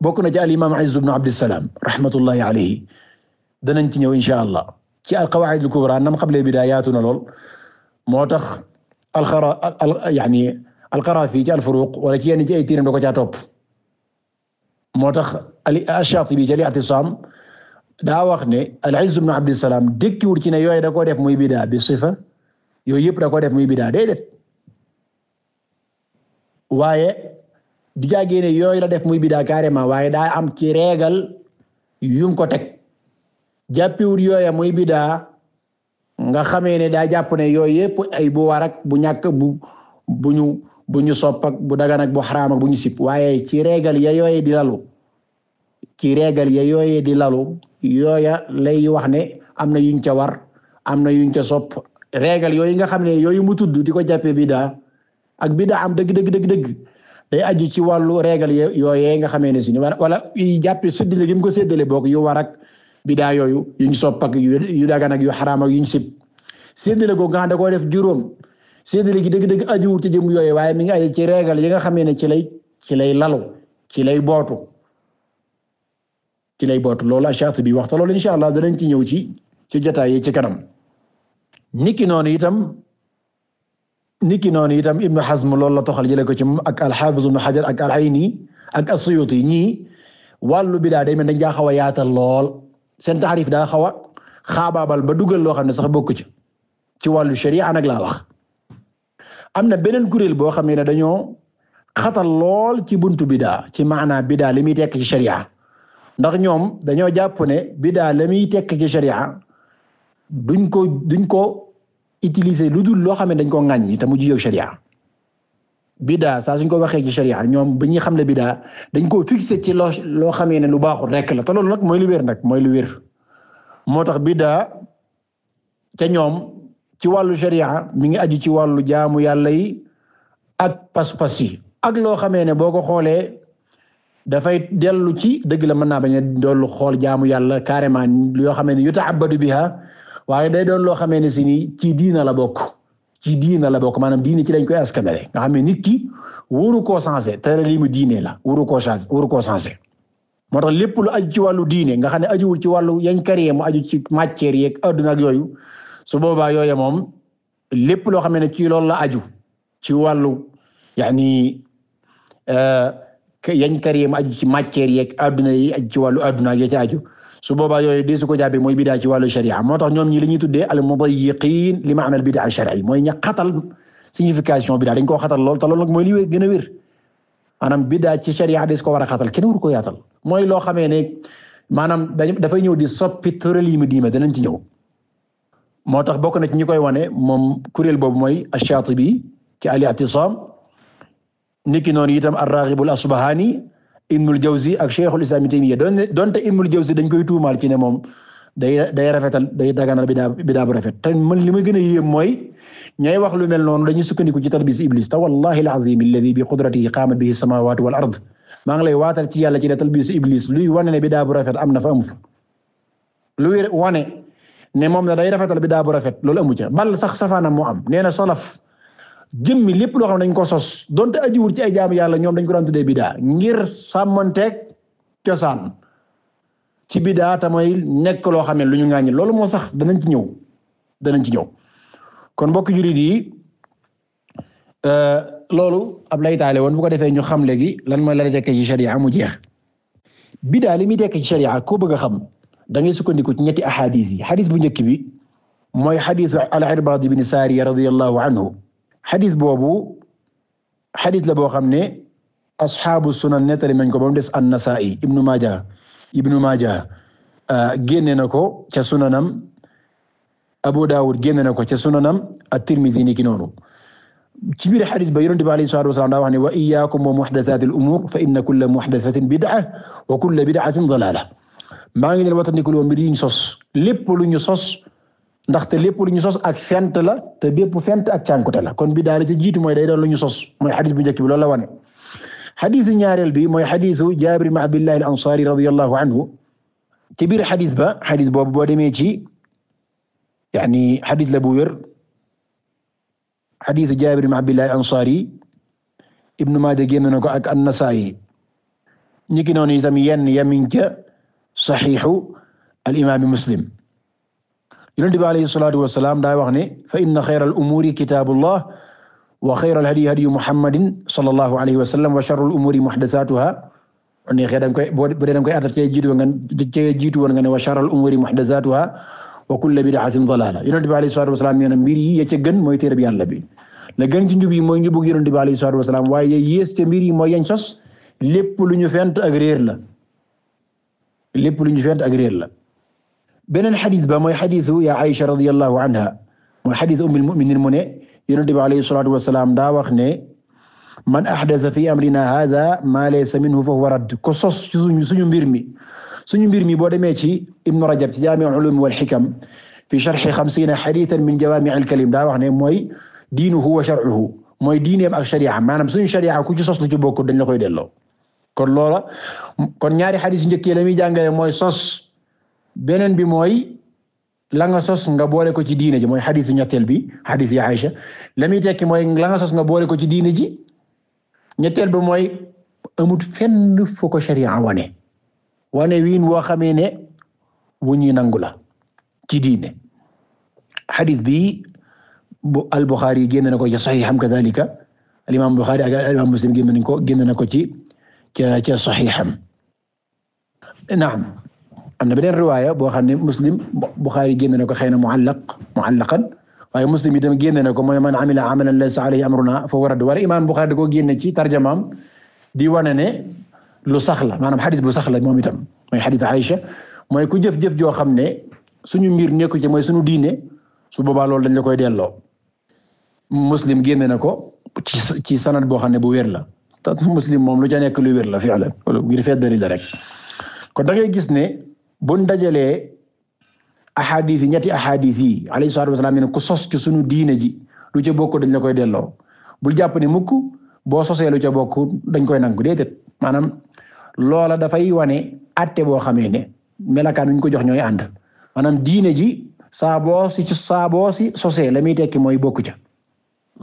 bokk na ci al imam Izz ibn Abdissalaam rahmatullahi alayhi danañ ci ñëw insha allah ci al qawaa'id al kubra nam yaatu na lool moo tax al xara yani al Qarafi ci al furuq wala ci yenn ci ay tiiram da ko caa topp moo tax Ali Ash-Shatibi ci al daa wax ne al-Izz ibn Abd Salam dëkkiwul ci ne yooyu da koo def muy bidaa bi fa yooyu yëpp da koo def muy bidaa déedéet waaye di jaagee ne yooyu la def muy bidaa carrément waaye daa am ci reegal yum ko teg jàppiwul yooya muy bidaa nga xamee ne daa jàpp ne yooyu yëpp ay bu war bu ñàkk bu bu bu ñu sopp ak bu dagan ak bu xaraam bu ñu sipp waaye ci reegal ya yooye di lalu ci reegal ya yooye di lalu yooya lay wax ne am na yuñ ca war am na yuñ ca sopp reegal yooyu nga xam ne yooyu mu tudd di ko jàppee bidaa ak bidaa am dëgg dëgg dëgg dëgg day aju ci wàllu reegal yooyee nga xamee ne si wala yi jàppee séddale gi ko séddale boog yu war ak bidaa yooyu yuñ sopp ak yu dagan ak yu xaraam ak yuñ sib séddale ko ngande da koo def juróom séddale léegi dëgg-dëgg ajuwul ci jëm yooyu waaye mi ngi ay ci reegal yi nga xamee ne ci lay ci lay lalu ci lay bootu ci lay bootu loolu Ash-Shatibi waxta lool insha Allah danañ ci ñëw ci ci jotaay yi ci kanam niki noonu itam niki noonu itam Ibn Hazm loolu la toxal jële ko ci ak al na Ibn Hajar ak al-Ayni ak as-Suyuti ñii wàllu bidaa day mel dañ daa xaw a yaatal lool seen taarif daa xaw a xaabaabal ba dugal loo xam ne sax bokku ci ci wàllu sharia nag wax am na beneen kuréel boo xam ne dañoo xatal lool ci buntu bidaa ci maanaa bidaa li muy tekk ci sharia ndax ñoom dañoo jàpp ne bidaa la muy tekk ci sharia duñ ko duñ ko utiliser lu dul loo xam ne dañ ko ŋàññi te mu jiyoo sharia bidaa saa suñ ko waxee ci sharia ñoom bu ñuy xam ne bidaa dañ ko fixé ci loo loo xamee ne lu baaxul rek la te loolu nag mooy lu wér nag mooy lu wér moo tax bidaa ca ñoom ci wàllu sharia mu ngi aju ci wàllu jaamu yàlla yi ak pas-pas yi ak loo xamee ne boo ko xoolee dafay dellu ci dëgg la man naa bañ a dollu xool jaamu yàlla carrément yoo xamee ne yuta'abbadu biha waaye day doon loo xamee ne si ni ci diina la bokk ci diina la bokk maanaam diine ci lañ koy askanale nga xam ne nit ki wóoru ko sensé te lii mu diine la wóoru koo sensé wóoru koo sensé moo tax lépp lu aju ci wàllu diine nga xam ne ajuwul ci wàllu yañ kariyee mu aju ci matière yeeg adduna ak yooyu su boobaa yooya moom lépp loo xam ne ci loolu la aju ci wàllu yaani euh, yañ kar yem aju ci matière yeeg adduna yi aju ci wàllu adduna ya ci aju su boobaa yooyu di su ko jàppee mooy bidaa ci wàllu sharia moo tax ñoom ñi li ñuy tuddee al mudayyiqin li maana al bidaa shar'i mooy ña xatal signification bidaa dañ koo xatal lool te loolu nag mooy li gën a wér maanaam bidaa ci sharia des ko war a xatal kenn waru ko yaatal mooy loo xamee ne maanaam dafay ñëw di soppi tëral yi mu diime danañ ci ñëw moo tax bokk na ci ñi koy wane moom kuréel boobu mooy ash-Shatibi ci al-i'tisam niki noonu itam ar-Raghib al-Asbahani Ibnul Jawzi ak Cheikhul Islam Ibn Taymiyya donte Ibnul Jawzi dañ koy tuumaal ci ne moom day day rafetal day daganal bidaa bidaa bu rafet te man li ma gën a yéem mooy ñay wax lu mel noonu dañuy sukkandiku ci talbis iblis te wallahi al-azim alladhi bi qudratihi qaamat bihi as-samawati wal ard maa lay waatal ci yàlla ci ne talbis iblis luy wane ne bidaa bu rafet am na fa amu ne moom la day rafetal bidaa bu rafet loolu amu ca bal sax safaanam moo am nee na salaf jëmmi lépp loo xam dañ ko sos donte ajiwul ci ay jaamu yàlla ñoom dañ ko daan tuddee bidaa ngir sàmmanteeg cosaan ci bidaa te mooy nekk loo xam ne lu ñu ŋàññi loolu moo sax danañ ci ñëw danañ ci ñëw kon mbokk jurit yi euh, loolu ab laytaale woon bu ko defee ñu xam léegi lan mooy la tekk ci sharia mu jeex bidaa li muy tekk ci sharia ko bëgg a xam da ngay sukkandiku ci ñetti axadis yi xadis bu njëkk bi mooy xadisu al-Irbaad ibn Saariya radiyallahu anhu xadis boobu xadis la boo xam ne asxaabu sunan nettali nañ ko ba mu des an-Nasaa'i ibnu Maaja ibnu Maaja ah, génne na ko ca sunanam Abu Daawud génne na ko ca sunanam at-Tirmidhi ni ki noonu ci biir xadis ba Yonent bi alayhi salaatu wa salaam wax ne wa iyyaakum wa muhdathaati fa inna kulla muhdathatin bid'a wa kulla bid'atin dalaala maa ngi leen watandikuloo mbir yi ñu sos lépp lu ñu sos ndaxte lépp lu ñu sos ak fent la te bépp fent ak cànkute la kon bi daal ci jiitu mooy day doon lu ñu sos mooy xadis bu njëkk bi loolu la wane. xadisu ñaareel bi mooy xadisu Jaabir ibn Abdillah al-Ansaari radiyallahu anhu ci biir xadis ba xadis boobu boo demee ci yaani xadis bu wér xadisu Jaabir ibn Abdillah al-Ansaari Ibnu Maaja génn na ko ak An-Nasaa'i ñi ki noonu itam yenn yamin ca saxiixu al-imaami muslim yonent bi alayhi salaatu wa salaam daa wax ne fa inna xayral umuuri kitaabullah wa xayral hadyi hadyu muhammadin sallallahu alayhi wa sallam wa sharrul umuuri muhdasaatuhaa bu neexee da nga koy boo bu dee da nga koy attaqué jiitu woon nga cee jiitu woon nga ne wa sharrul umuuri muhdasaatuhaa wa kullu bid'atin dalaala yonent bi alayhi salaatu wa salaam nee na mbir yi ya ca gën mooy téere bi yàlla bi la gën ci njub yi mooy njubug yonent bi alayhi salaatu wa salaam waaye yées te mbir yi mooy yañ sos lépp lu ñu fent ak réer la. lépp lu ñu fent ak réer la beneen xadis ba mooy xadisu ya Aïcha radiyallahu anha mooy xadis ummul mu'minin mu ne yonent bi alayhi salaatu wasalaam daa wax ne man ahdasa fi amrina hadha ma laysa minhu fa huwa radd ko sos ci suñu suñu mbir mi suñu mbir mi boo demee ci Ibnu Rajab ci Jaami'ul Ulum wal Hikam fi sharhi xamsiina xadiisan min jawaami'il kalim daa wax ne mooy diinuhu wa shar'uhu mooy diineem ak shari'a maanaam suñu shari'a ku ci sos lu ci bokk dañ la koy delloo kon loola kon ñaari xadis njëkk yi la muy jàngale mooy sos beneen bi mooy la nga sos nga boole ko ci diine ji mooy xadisu ñetteel bi xadis yi Aïcha la muy tekki mooy langa sos nga boole ko ci diine ji ñetteel bi mooy amut fenn fu ko sharia wane wane wiin woo xamee ne wu ñuy nangu la ci diine xadis bi bu al Bukhari génn na ko ci saxiixam kadalika al imaam Bukhari ak al imaam Muslim génn nañ ko génn na ko ci ce ce saxiixam naam am na beneen riwaaya boo xam ne muslim Buxaari génne na ko xëy na muallaq muallaqan waaye muslim itam génne na ko mooy man amila amalan laysa alayhi amruna fa warad wala imaam Buxaari da koo génne ci tarjamaam di wane ne lu sax la maanaam xadis bu sax la moom itam mooy xadis Aïcha mooy ku jëf-jëf joo xam ne suñu mbir nekku ci mooy suñu diine su boobaa loolu dañ la koy delloo muslim génne na ko ci ci sanad boo xam ne bu wér la te muslim moom lu ca nekk lu wér la fi'lan ngir feddali la rek kon da gis ne buñ dajalee ahadis yi ñetti ahadis yi alayhi salaatu wasalaam ne ku sos ci suñu diine ji lu ca bokk dañ la koy delloo bu jàpp ne mukk boo sosee lu ca bokk dañ koy nangu déedéet maanaam loola dafay wane atte boo xamee ne melakaan wi ñu ko jox ñooy ànd maanaam diine ji saa boo si saa boo si sosee la muy tekki mooy bokku ca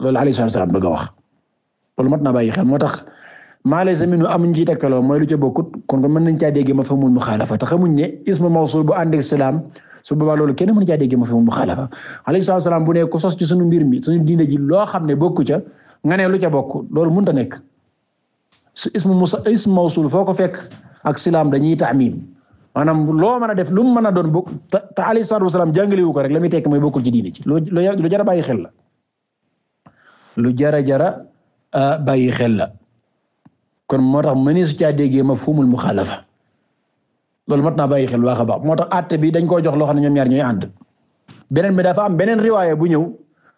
loolu alayhi salaatu wasalaam bëgg wax. loolu mat na bàyyi xel moo tax maa laysa minhu amuñ ciy tegtaloo mooy lu ca bokkut kon kon mën nañ caa déggee ma fa mun muxaalafa a xamuñ ne ismu mawsul bu ànd ak salaam su boobaa loolu kenn mën caa déggee ma fa mun muxaalafa alayhi salaam bu ne ko sos ci suñu mbir mi suñu diine ji loo xam ne bokku ca nga ne lu ca bokk loolu mënut ta nekk su ismu musa ismu mawsul foo ko fekk ak salaam dañuy taamim maanaam loo mën a def lu mu mën a doon bokk te te alayhi salaatu wasalaam jàngale wu ko rek la muy tekk mooy bokkul ci diine ci lu jara bàyyi xel la lu jara jara bàyyi xel la kon moo tax mënee su caa déggee mafhumul muxaalafa loolu mat naa bàyyi xel baax a moo tax àtte bi dañ koo jox loo xam ne ñoom ñaar ñooy ànd beneen bi dafa am beneen riwaaya bu ñëw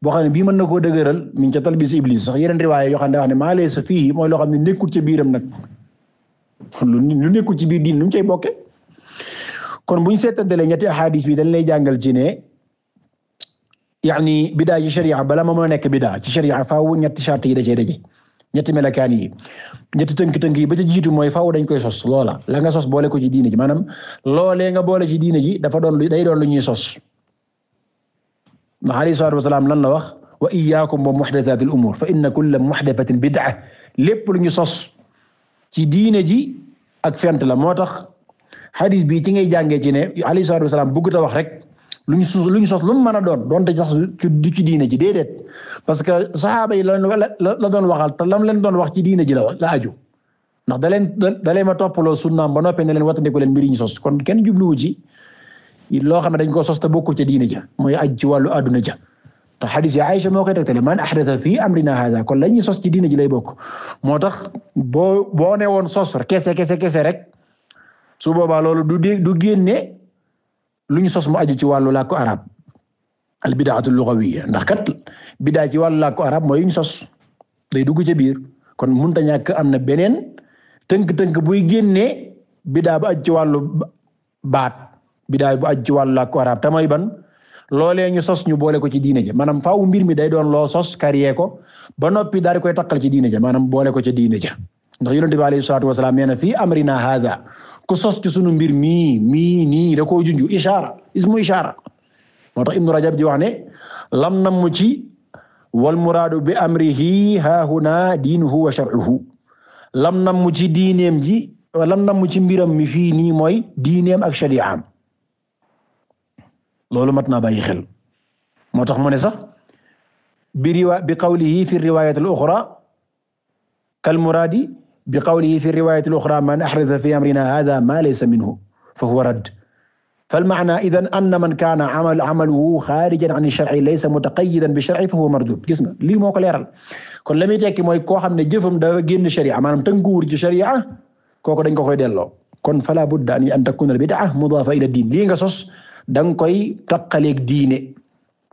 boo xam ne bii mën na koo dëgëral mi ngi ca talbis iblis sax yeneen riwaaya yoo xam ne wax ne maa laysa fiihi mooy loo xam ne nekkul ci biiram nag lu lu nekkul ci biir diin nu mu cay bokke kon buñ seetantelee ñetti ahadis bi dañ lay jàngal ci ne yaani bidaa ci sharia bala ma mën a nekk bidaa ci sharia faaw ñetti charte yi dajee daje ñetti melakaan yi ñetti tënk-tënk yi ba ca jiitu mooy faaw dañ koy sos loola la nga sos boole ko ci diine ji maanaam loolee nga boole ci diine ji dafa doon day doon lu ñuy sos ndax alayhi salaatu lan la wax wa iyyaakum wa muhdathatil umuur fa inna kulla muhdathatin bid'a lépp lu ñu sos ci diina ji ak fent la moo tax xadis bi ci ngay jàngee ci ne alayhi salaatu wasalaam ta wax rek lu ñu sos lu ñu sos lu mu mën a doon donte sax du ci diine ji déedéet parce que saxaaba yi la la doon waxal te lam leen doon wax ci diine ji la la aju ndax da leen da leen ma toppaloo sunnaam ba noppee ne leen wattandiku leen mbir yi ñu sos kon kenn jubluwu ci loo xam ne dañ ko sos te bokku ca diine ja mooy aju ci wàllu adduna ja te xadis yi Aïcha moo koy tegtale man ahdatha fii amrina hada kon la ñuy sos ci diine ji lay bokk moo tax boo boo ne woon sos kese kese kese rek su boobaa loolu du du génne lu ñu sos mu aju ci wàllu làkku arab al bidaatu lughawiyya ndax kat bidaa ci wàllu làkku arab mooy yu ñu sos day dugg ca biir kon munta ñàkk am na beneen tënk-tënk buy génnee bidaa bu aju ci wàllu baat bidaa bu aju ci wàllu làkku arab te mooy ban ñu sos ñu boole ko ci diine ja maanaam faaw mbir mi day doon loo sos kariyee ko ba noppi daal di koy takkal ci diine ja maanaam boole ko ci diine ja ndax yonent bi alayhi salaatu wasalaam nee fii amrina haada ku sos ci sunu mbir mii mi nii da koo junj ishaara ismu ishaara moo tax Ibnu Rajab di wax ne lam nam mu ci wal muraadu bi amrihi haahuna diinuhu wa shar'uhu lam nam mu ci diineem ji lam nam mu ci mbiram mi fii nii mooy diineem ak shari'am loolu mat naa bàyyi xel moo tax mu ne sax bi riwa bi kal muraadi bi qawlihi fi riwaayati al-uxraa man axdasa fi amrinaa haadaa maa laysa minhu fa huwa radd fal-ma'naa izan anna man kaana amaluhu xaarijan an ash-shar'i laysa mutaqayyidan bi-shar'i fa huwa marduud gis na lii moo ko leeral kon la muy tekki mooy koo xam ne jëfam dafa génn sharia maanaam tënkuwul ci sharia kooku dañ ko koy delloo kon falaa budda an takuuna al-bid'a mudaafa ila diin lii nga sos danga koy taqaleeg diine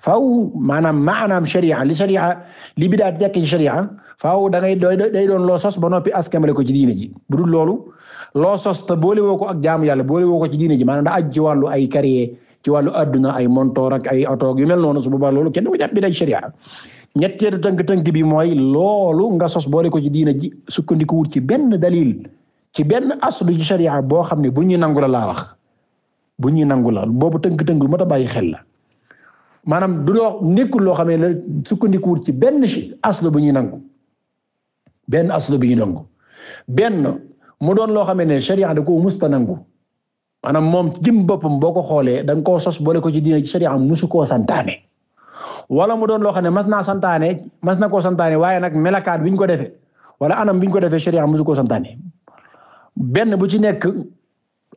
faw maanaam maanaam sharia li sharia li bidaa di nekk ci sharia faaw da ngay doy day doon loo sos ba noppi askamale ko ci diine ji bu du loolu loo sos te boole woo ko ak jaamu yàlla boole woo ko ci diine ji maanaam da aj ci wàllu ay carrière ci wàllu adduna ay montoor ak ay otoog yu mel noonu su boobaa loolu kenn du ko jàpp bidaa sharia ñetteelu tënk-tënk bi mooy loolu nga sos boole ko ci diine ji sukkandiku wut ci benn dalil ci benn aslu ci sharia boo xam ne bu ñuy nangu laa wax bu ñuy nangu la boobu tënk-tënk lu bàyyi xel la maanaam du loo nekkul loo xamee ne sukkandikuwul ci benn aslo bu ñuy nangu benn aslu bu ñuy nangu benn mu doon loo xamee ne sharia da ko musta nangu maanaam moom jëm boppam boo ko xoolee da nga koo sos boole ko ci diine ci sharia musu koo santaane wala mu doon loo xam ne mas naa santaane mas na koo santaane waaye nag melakaat bi ñu ko defe wala anam bi ñu ko defee sharia musu koo santaane benn bu ci nekk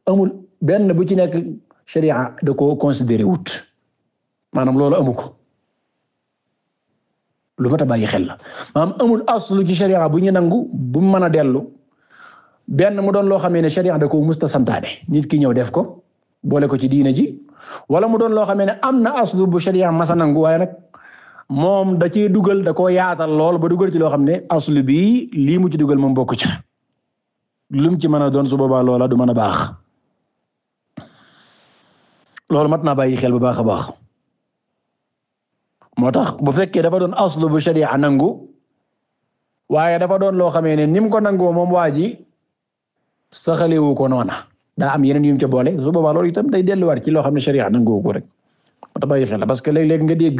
amul benn bu ci nekk sharia da koo considéré wut maanaam loolu amu ko lu mat a bàyyi xel la amul aslu ci sharia bu ñu nangu bu mën a dellu benn mu doon loo xamee ne sharia da ko musta santaane nit ki ñëw def ko boole ko ci diina ci wala mu doon loo xamee ne am na aslu bu sharia masa nangu waaye nag moom da ciy dugal da koo yaatal lool ba dugal ci loo xam ne aslu bii lii mu ci dugal moom bokku ca lum ci mën a doon su boobaa loola du mën a baax loolu mat na bàyyi xel bu baax a baax moo tax bu fekkee dafa doon aslu bu sharia nangu waaye dafa doon loo xamee ne ni mu ko nangoo moom waa ji saxalewu ko noona daa am yeneen yu mu ca boole su boobaa loolu itam day delluwaat ci loo xam ne sharia nangu ko rek moo tax bàyyi xel parce que léeg-léeg nga dégg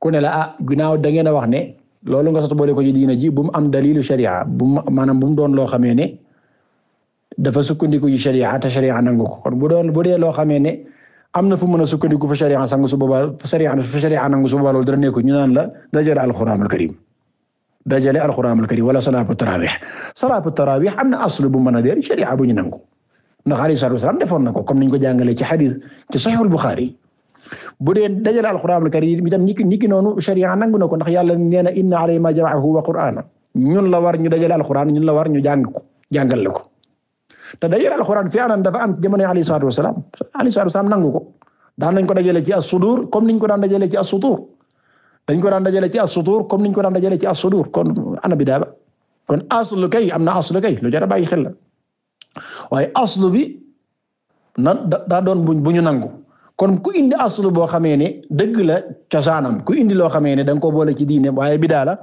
ku ne la ah ginnaaw da ngeen a wax ne loolu nga sos boole ko ci diina ji bu mu am dalilu sharia bu mu maanaam bu mu doon loo xamee ne dafa sukkandiku ci sharia te nangu ko kon bu dee loo xamee am na fu mën a sukkandiku fa sharia sangu su boobaa fa sharia fa sharia nangu su boobaa loolu dara nekku ñu naan la dajale alxuraanul karim dajale alxuraanul karim wala salaatu tarawih salaatu tarawih am na aslu bu mën a deer sharia bu ñu nangu ndax alayhi salaatu wasalaam na ko comme niñ ko jàngalee ci xadis ci saxiixul Buxaari bu dee dajale alxuraanul karim itam niki niki noonu sharia nangu na ko ndax yàlla nee na inna alayhi ma jamaahu wa qur'ana ñun la war ñu dajale alxuraan ñun la war ñu jàng ko jàngal ko te dajale alxuraan fi'lan dafa am jamono alayhi salaatu wa salaam alayhi salaatu wa salaam nangu ko daan nañ ko dajale ci as-suduur comme niñ ko daan dajale ci as-sutuur dañ ko daan dajale ci as-sutuur comme niñ ko daan dajale ci as-suduur kon ana bidaa ba kon aslu kay am na aslu kay lu jar a bàyyi xel la waaye aslu bi na daa doon bu ñu nangu. kon ku indi aslu boo xamee ne dëgg la cosaanam ku indi loo xamee ne da ko boole ci diine waaye bidaa la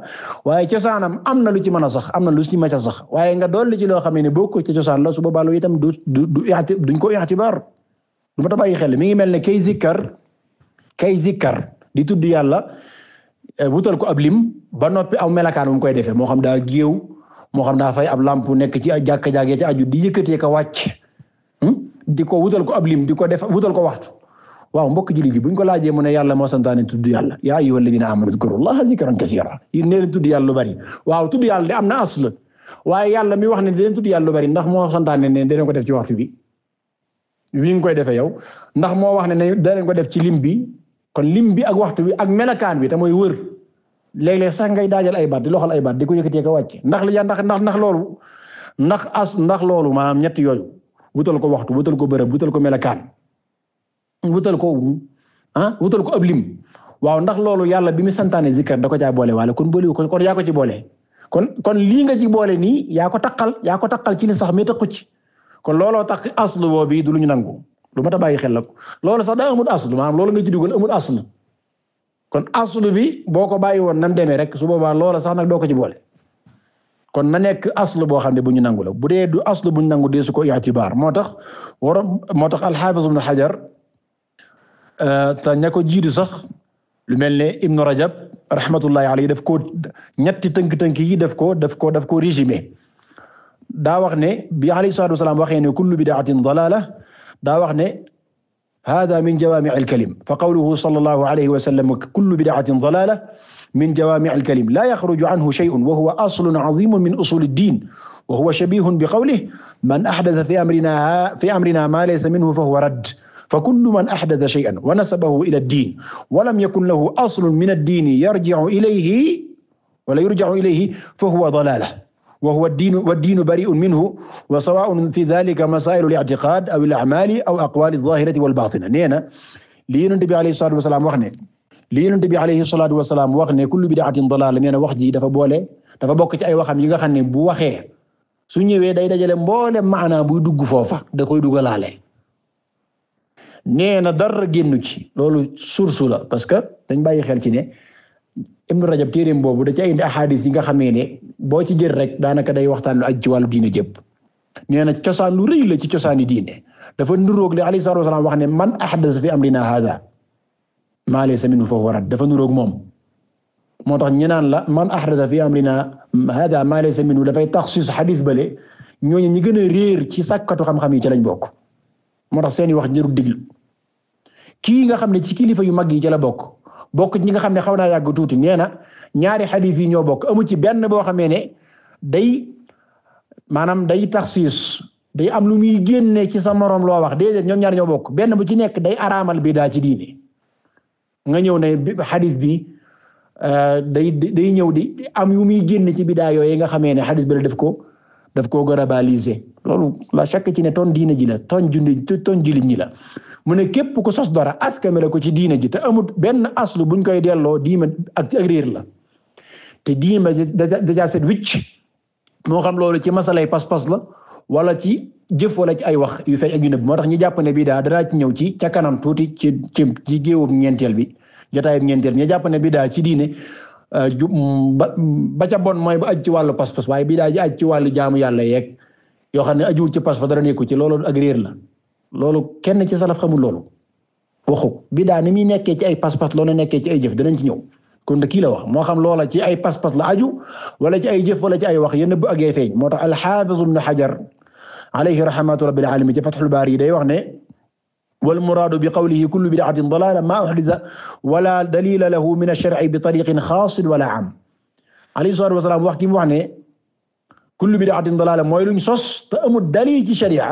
waaye cosaanam am na lu ci mën a sax am na lu ci mën a sax waaye nga dolli ci loo xamee ne boo ko ci cosaan la su boobaa loolu du du duñ ko i'tibaar du ma ta bàyyi xel mi ngi mel ne kay zikkar kay zikkar di tudd yàlla eh, wutal ko ab lim ba noppi aw melakaan bu mu koy defee moo xam daa géew moo xam daa fay ab lamp nekk ci a jàggee ci aju di yëkkatee ko wàcc hmm, di ko wutal ko ab lim di ko def wutal ko waxtu waaw mbokk jullit yi bu ñu ko laajee mu ne yàlla moo santaane tudd yàlla yaa ayyuhal ladina amanu zkurullaha zikran kasiira yi ne leen tudd yàlla lu bari waaw tudd am na asl waaye yàlla mi wax ne dinañ tudd yàlla lu bari ndax moo santaane ne dinañ ko def ci waxtu bi wi koy defee yow ndax moo wax ne ne danañ ko def ci lim bi kon lim bi ak waxtu bi ak melakaan bi te mooy wër léeg-léeg sax ngay daajal ay baat di loxal ay baat di ko yëkkatee ko wàcc ndax li ndax ndax ndax loolu ndax as ndax loolu maanaam ñetti yooyu wutal ko waxtu wutal ko bërëb wutal ko melakaan wutal ko ah wutal ko ab lim waaw ndax loolu yàlla bi mu santaane zikkar da ko caa boole waale kon boole ko kon yaa ko ci boole kon kon lii nga ci boole nii yaa ko taqal yaa ko taqal ci li sax mais taqu ci kon looloo tax aslu boobu bi du lu ñu nangu lu mat a bàyyi xel la ko loolu sax daa amul aslu maanaam loolu nga ci dugal amul aslu kon aslu bi boo ko bàyyi woon nam demee rek su boobaa loola sax nag doo ko ci boole kon na nekk aslu boo xam ne bu ñu nangu bu dee du aslu bu ñu nangu dee su ko i'tibaar moo tax waroon moo tax al-Hafiz Ibn Hajar Euh, te ña ko jiitu sax lu mel ne Ibnu Rajab rahmatullahi alayhi daf koo ñetti tënk-tënk yi daf ko daf ko daf ko résumé daa wax ne bi alayhi salaatu wasalaam waxee ne kullu bidaatin dalaala daa wax ne hada min jawaami alkalim fa qawluhu sallallahu alayhi wa sallam kullu bidaatin dalaala min jawaami alkalim laa yaxruju anhu shay'un wa huwa aslun azimun min usuli diin wa huwa shabihun bi qawlihi man ahdatha fi amrina fi amrina ma laysa minhu fa huwa radd fa kullu man ahdata shay'an wa nasabahu ila ad-diin wa lam yakun lahu aslun min ad-diini yarji'u ilayhi wala yurja'u ilayhi fa huwa dalaalah wa huwa ad-diinu wad-diinu bari'un minhu wa sawaa'un fi dhaalika masaa'ilu al-i'tiqaad aw al-a'maali aw aqwaali adh-dhaahirati wal-baatina nee na li Yonent bi alayhi salaatu wa salaam wax ne li Yonent bi alayhi salaatu wa salaam wax ne kullu bid'atin dalaala nee na wax ji dafa boole dafa bokk ci ay waxam yi nga xam ne bu waxee su ñëwee day dajale mboole maanaa buy dugg foofa da koy dugalaale nee na dara génnu ci loolu source la parce que dañ bàyyi xel ci ne Ibnu Rajab téeréem boobu da ca indi ahadis yi nga xamee ne boo ci jël rek daanaka day waxtaan lu aj ci wàllu diine jëpp nee na cosaan lu rëy la ci cosaani diine dafa nuroog li alayhi salaatu wasalaam wax ne man ahdas fi amrina hada maa laysa minhu fa huwa rad dafa nuroog moom moo tax ñu naan la man ahdasa fi amrina hada maa laysa minhu dafay taxsiis xadis bale ñooñu ñi gën a réer ci sàkkatu xam-xam yi ci lañ bokk moo tax seeni wax jëru diglu kii nga xam ne ci kilifa yu mag yi ci la bokk bokk ñi nga xam ne xaw naa yàgg tuuti nee na ñaari xadis yi ñoo bokk amu ci benn boo xamee ne day maanaam day taxsiis day am lu muy génne ci sa moroom loo wax déedéet ñoom ñaar bokk benn bu ci nekk day araamal bidaa ci diine nga ñëw ne xadis bi euh, day day ñëw di am yu muy génne ci biddaa yooyu nga xamee ne xadis bi la def ko daf koo globaliser loolu la chaque ci ne ton diine ji la ton jundi ton jullit ñi la mu ne képp ko sos dara askame la ko ci diine ji te amul benn aslu buñ koy delloo diima ak ak réer la te diima dajaa set wicc moo xam loolu ci masalay pas-pas la wala ci jëf wala ay wax yu feeñ ak yu nëbb moo tax ñu jàpp ne bidaa danaa ñëw ci ca tuuti ci ci ci géewub bi jotaayub ñeenteel bi ñu jàpp ne bidaa ci diine Euh, ju ba ca bon mooy bu aju ci wàllu pas-pas waaye bii daa ji aju ci wàllu jaamu yàlla yeeg yoo xam ne ajuwul ci pas-pas dara nekku ci loolu ak réer la loolu kenn ci salaf xamul loolu waxu bi daa ni muy nekkee ci ay pas-pas loolu nekkee ci ay jëf dinañ ci ñëw kon kii wax moo xam loola ci ay pas-pas la aju wala ci ay jëf wala ci ay wax yéen bu agee feeñ moo tax al-Hafiz Ibn Hajar alayhi rahmatu rabbil alamin ci Fathul Bari day wax ne wal muraadu bi qawlihi kullu bid'atin dalaala maa uhdisa wala dalila lahu min ash-shar'i bi tariqin xaasin wala am alayhi salaatu wasalaam wax ki mu wax ne kullu bid'atin dalaala mooy luñ sos te amul dalil ci sharia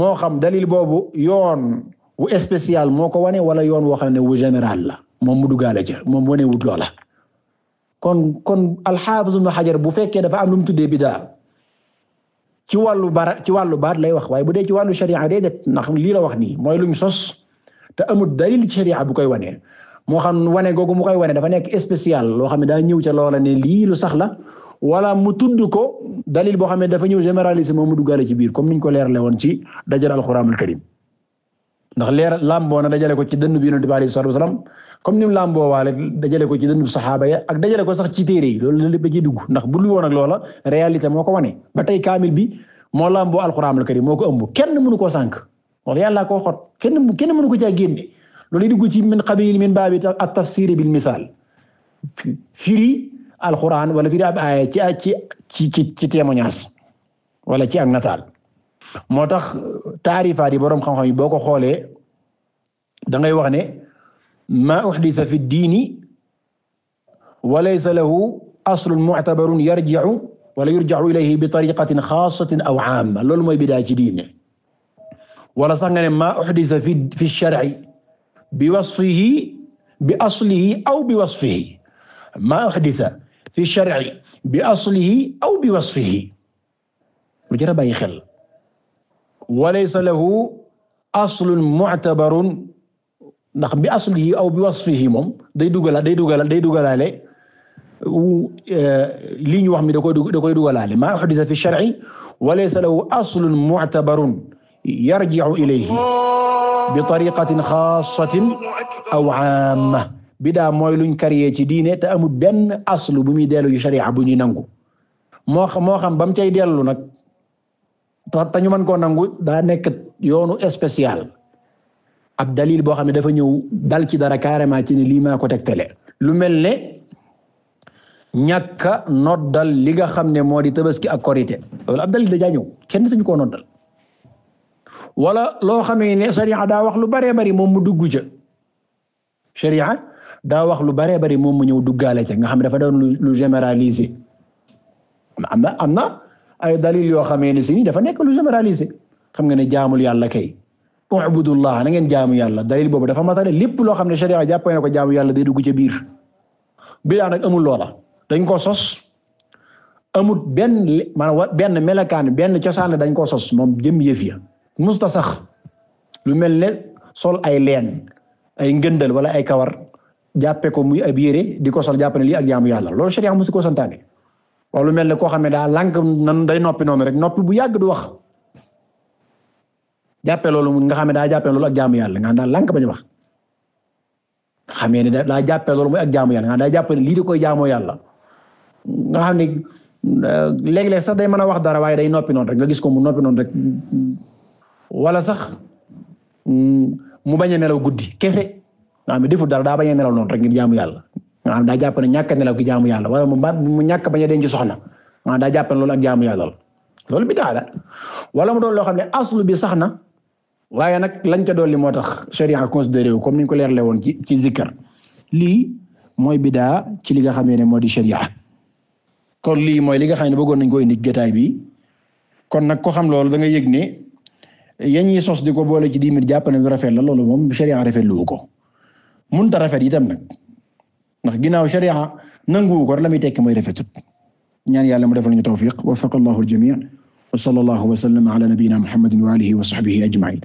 moo xam dalil boobu yoon wu spécial moo ko wane wala yoon woo xam ne wu général la moom mu duggaale ca moom wane wu loola kon kon al-Haafiz Ibn Hajar bu fekkee dafa am lu mu tuddee bid'a ci wàllu bara ci wàllu baat lay wax waaye bu dee ci wàllu sharia day det ndax lii la wax nii mooy luñ sos te amul dalil sharia bu koy wane. moo xam wane googu mu koy wane dafa nekk spécial loo xam ne daa ñëw ca loola ne lii lu sax la wala mu tudd ko dalil boo xam ne dafa ñëw généralisé mu duggaale ci biir comme niñ ko leerale woon ci dajal alxuraanul karim ndax leer lamboo na dajale ko ci dënnu bi yonent bi alayhi salaatu ni mu lamboo waale dajale ko ci dënnu saxaaba ya ak ko sax ci téere yi loolu lépp ci dugg ndax bu lu woon ak loola réalité moo ko wane ba tey kaamil bi moo lamboo alxuraanul karim moo ko ëmb kenn mënu koo sànq loolu yàlla koo xot kenn kenn mënu ko caa génne loolu dugg ci min qabil min baabi at tafsir bil misaal firi alxuraan wala firi ab aaya ci ci ci ci témoignage wala ci ak nataal moo tax taarifaat yi boroom xam-xam yi boo ko xoolee da ngay wax ne ma uhdisa fi diini wa laysa lahu aslun mu'tabarun yarji'u wala yurja'u ilayhi bi tariqatin xaasatin aw aama loolu mooy bidaa ci diine wala sax nga ne ma uhdisa fi fi shar'i bi wasfihi bi aslihi aw bi wasfihi ma uhdisa fi shar'i bi aslihi aw bi wasfihi lu jar a bàyyi xel walaysa lahu aslun mu'tabarun ndax bi aslihi aw bi wasfihi moom day dugala day dugala day dugalaale eh, lii ñu wax mi da koy da koy dugalaale maa uhdisa fi shar'i walaysa lahu aslun mu'tabarun yarji'u ilayhi bi tariqatin xaassatin aw 'aamma bidaa mooy luñ kariyee ci diine te amul benn aslu bu muy dellu yu sharia bu ñuy nangu moo xam moo xam bam cay dellu nag te ñu mën ko nangu daa nekk yoonu spécial ab dalil boo xam ne dafa ñëw dal ci dara carrément ci ne lii ma ko tegtale lu mel ne ñàkka noddal li nga xam ne moo di tabaski ak korité loolu ab dalil dajaa ñëw kenn sañu koo noddal walla loo xam ne sharia daa wax lu baree bari moom mu dugg ca sharia daa wax lu baree bari moom mu ñëw duggaale ca nga xam ne dafa doon lu généralisé am am na ay dalil yoo xamee ne si ni dafa nekk lu généralisé xam nga ne jaamul yàlla kay ubudullah na ngeen jaamu yàlla dalil boobu dafa matale lépp loo xam ne sharia jàppee na ko jaamu yàlla day dugg ca biir bidaa nag amul loola dañ ko sos amut benn maanaam benn melakaan benn cosaan dañ ko sos moom jëm yëf ya musta sax lu mel ne sol ay leen ay ngëndal wala ay kawar jàppe ko muy ab yére di ko sol jàpp ne lii ak jaamu yàlla lool sharia musu ko santaane wala mel ne koo xam ne daa lànk nan day noppi noonu rek noppi bu yàgg du wax jàppee loolu nga xam ne daa jàppee loolu ak yàlla nga xam lànk bañ wax xamee ne daa jàppee loolu mooy ak jàmm yàlla nga xam ne lii di koy jaamoo yàlla nga xam euh, sax day mën a wax dara waaye day noppi noonu rek nga gis ko mu noppi noonu rek wala sax mm, mu bañ a nelaw guddi kese nga xam ne deful dara daa bañ a nelaw noonu rek ngir jàmm yàlla nga xam daa jàpp ne ñàkk nelaw gi jaamu yàlla wala mu ba mu ñàkk bañ a denc soxna maanaam daa jàpp loolu ak jaamu yàlla la loolu bidaa la wala mu doon loo xam ne aslu bi sax na waaye nag lañ ca dolli moo tax sharia considéré wu comme niñ ko leerle woon ci ci zikkar lii mooy bidaa ci li nga xam ne moo di sharia kon lii mooy li nga xam ne bëggoon nañ ko indi jotaay bi kon nag ko xam loolu da nga yëg ne yañuy sos di ko boole ci diimit jàpp ne lu rafet la loolu moom sharia rafetlu ko munta rafet itam nag ndax ginnaaw sharia nanguwu ko la muy tekki mooy rafetut ñaan yàlla mu defal ñu tawfiq waffaqa allahu al-jamii' wa sallallahu wa sallama ala nabiyyina muhammadin wa alihi wa sahbihi ajma'in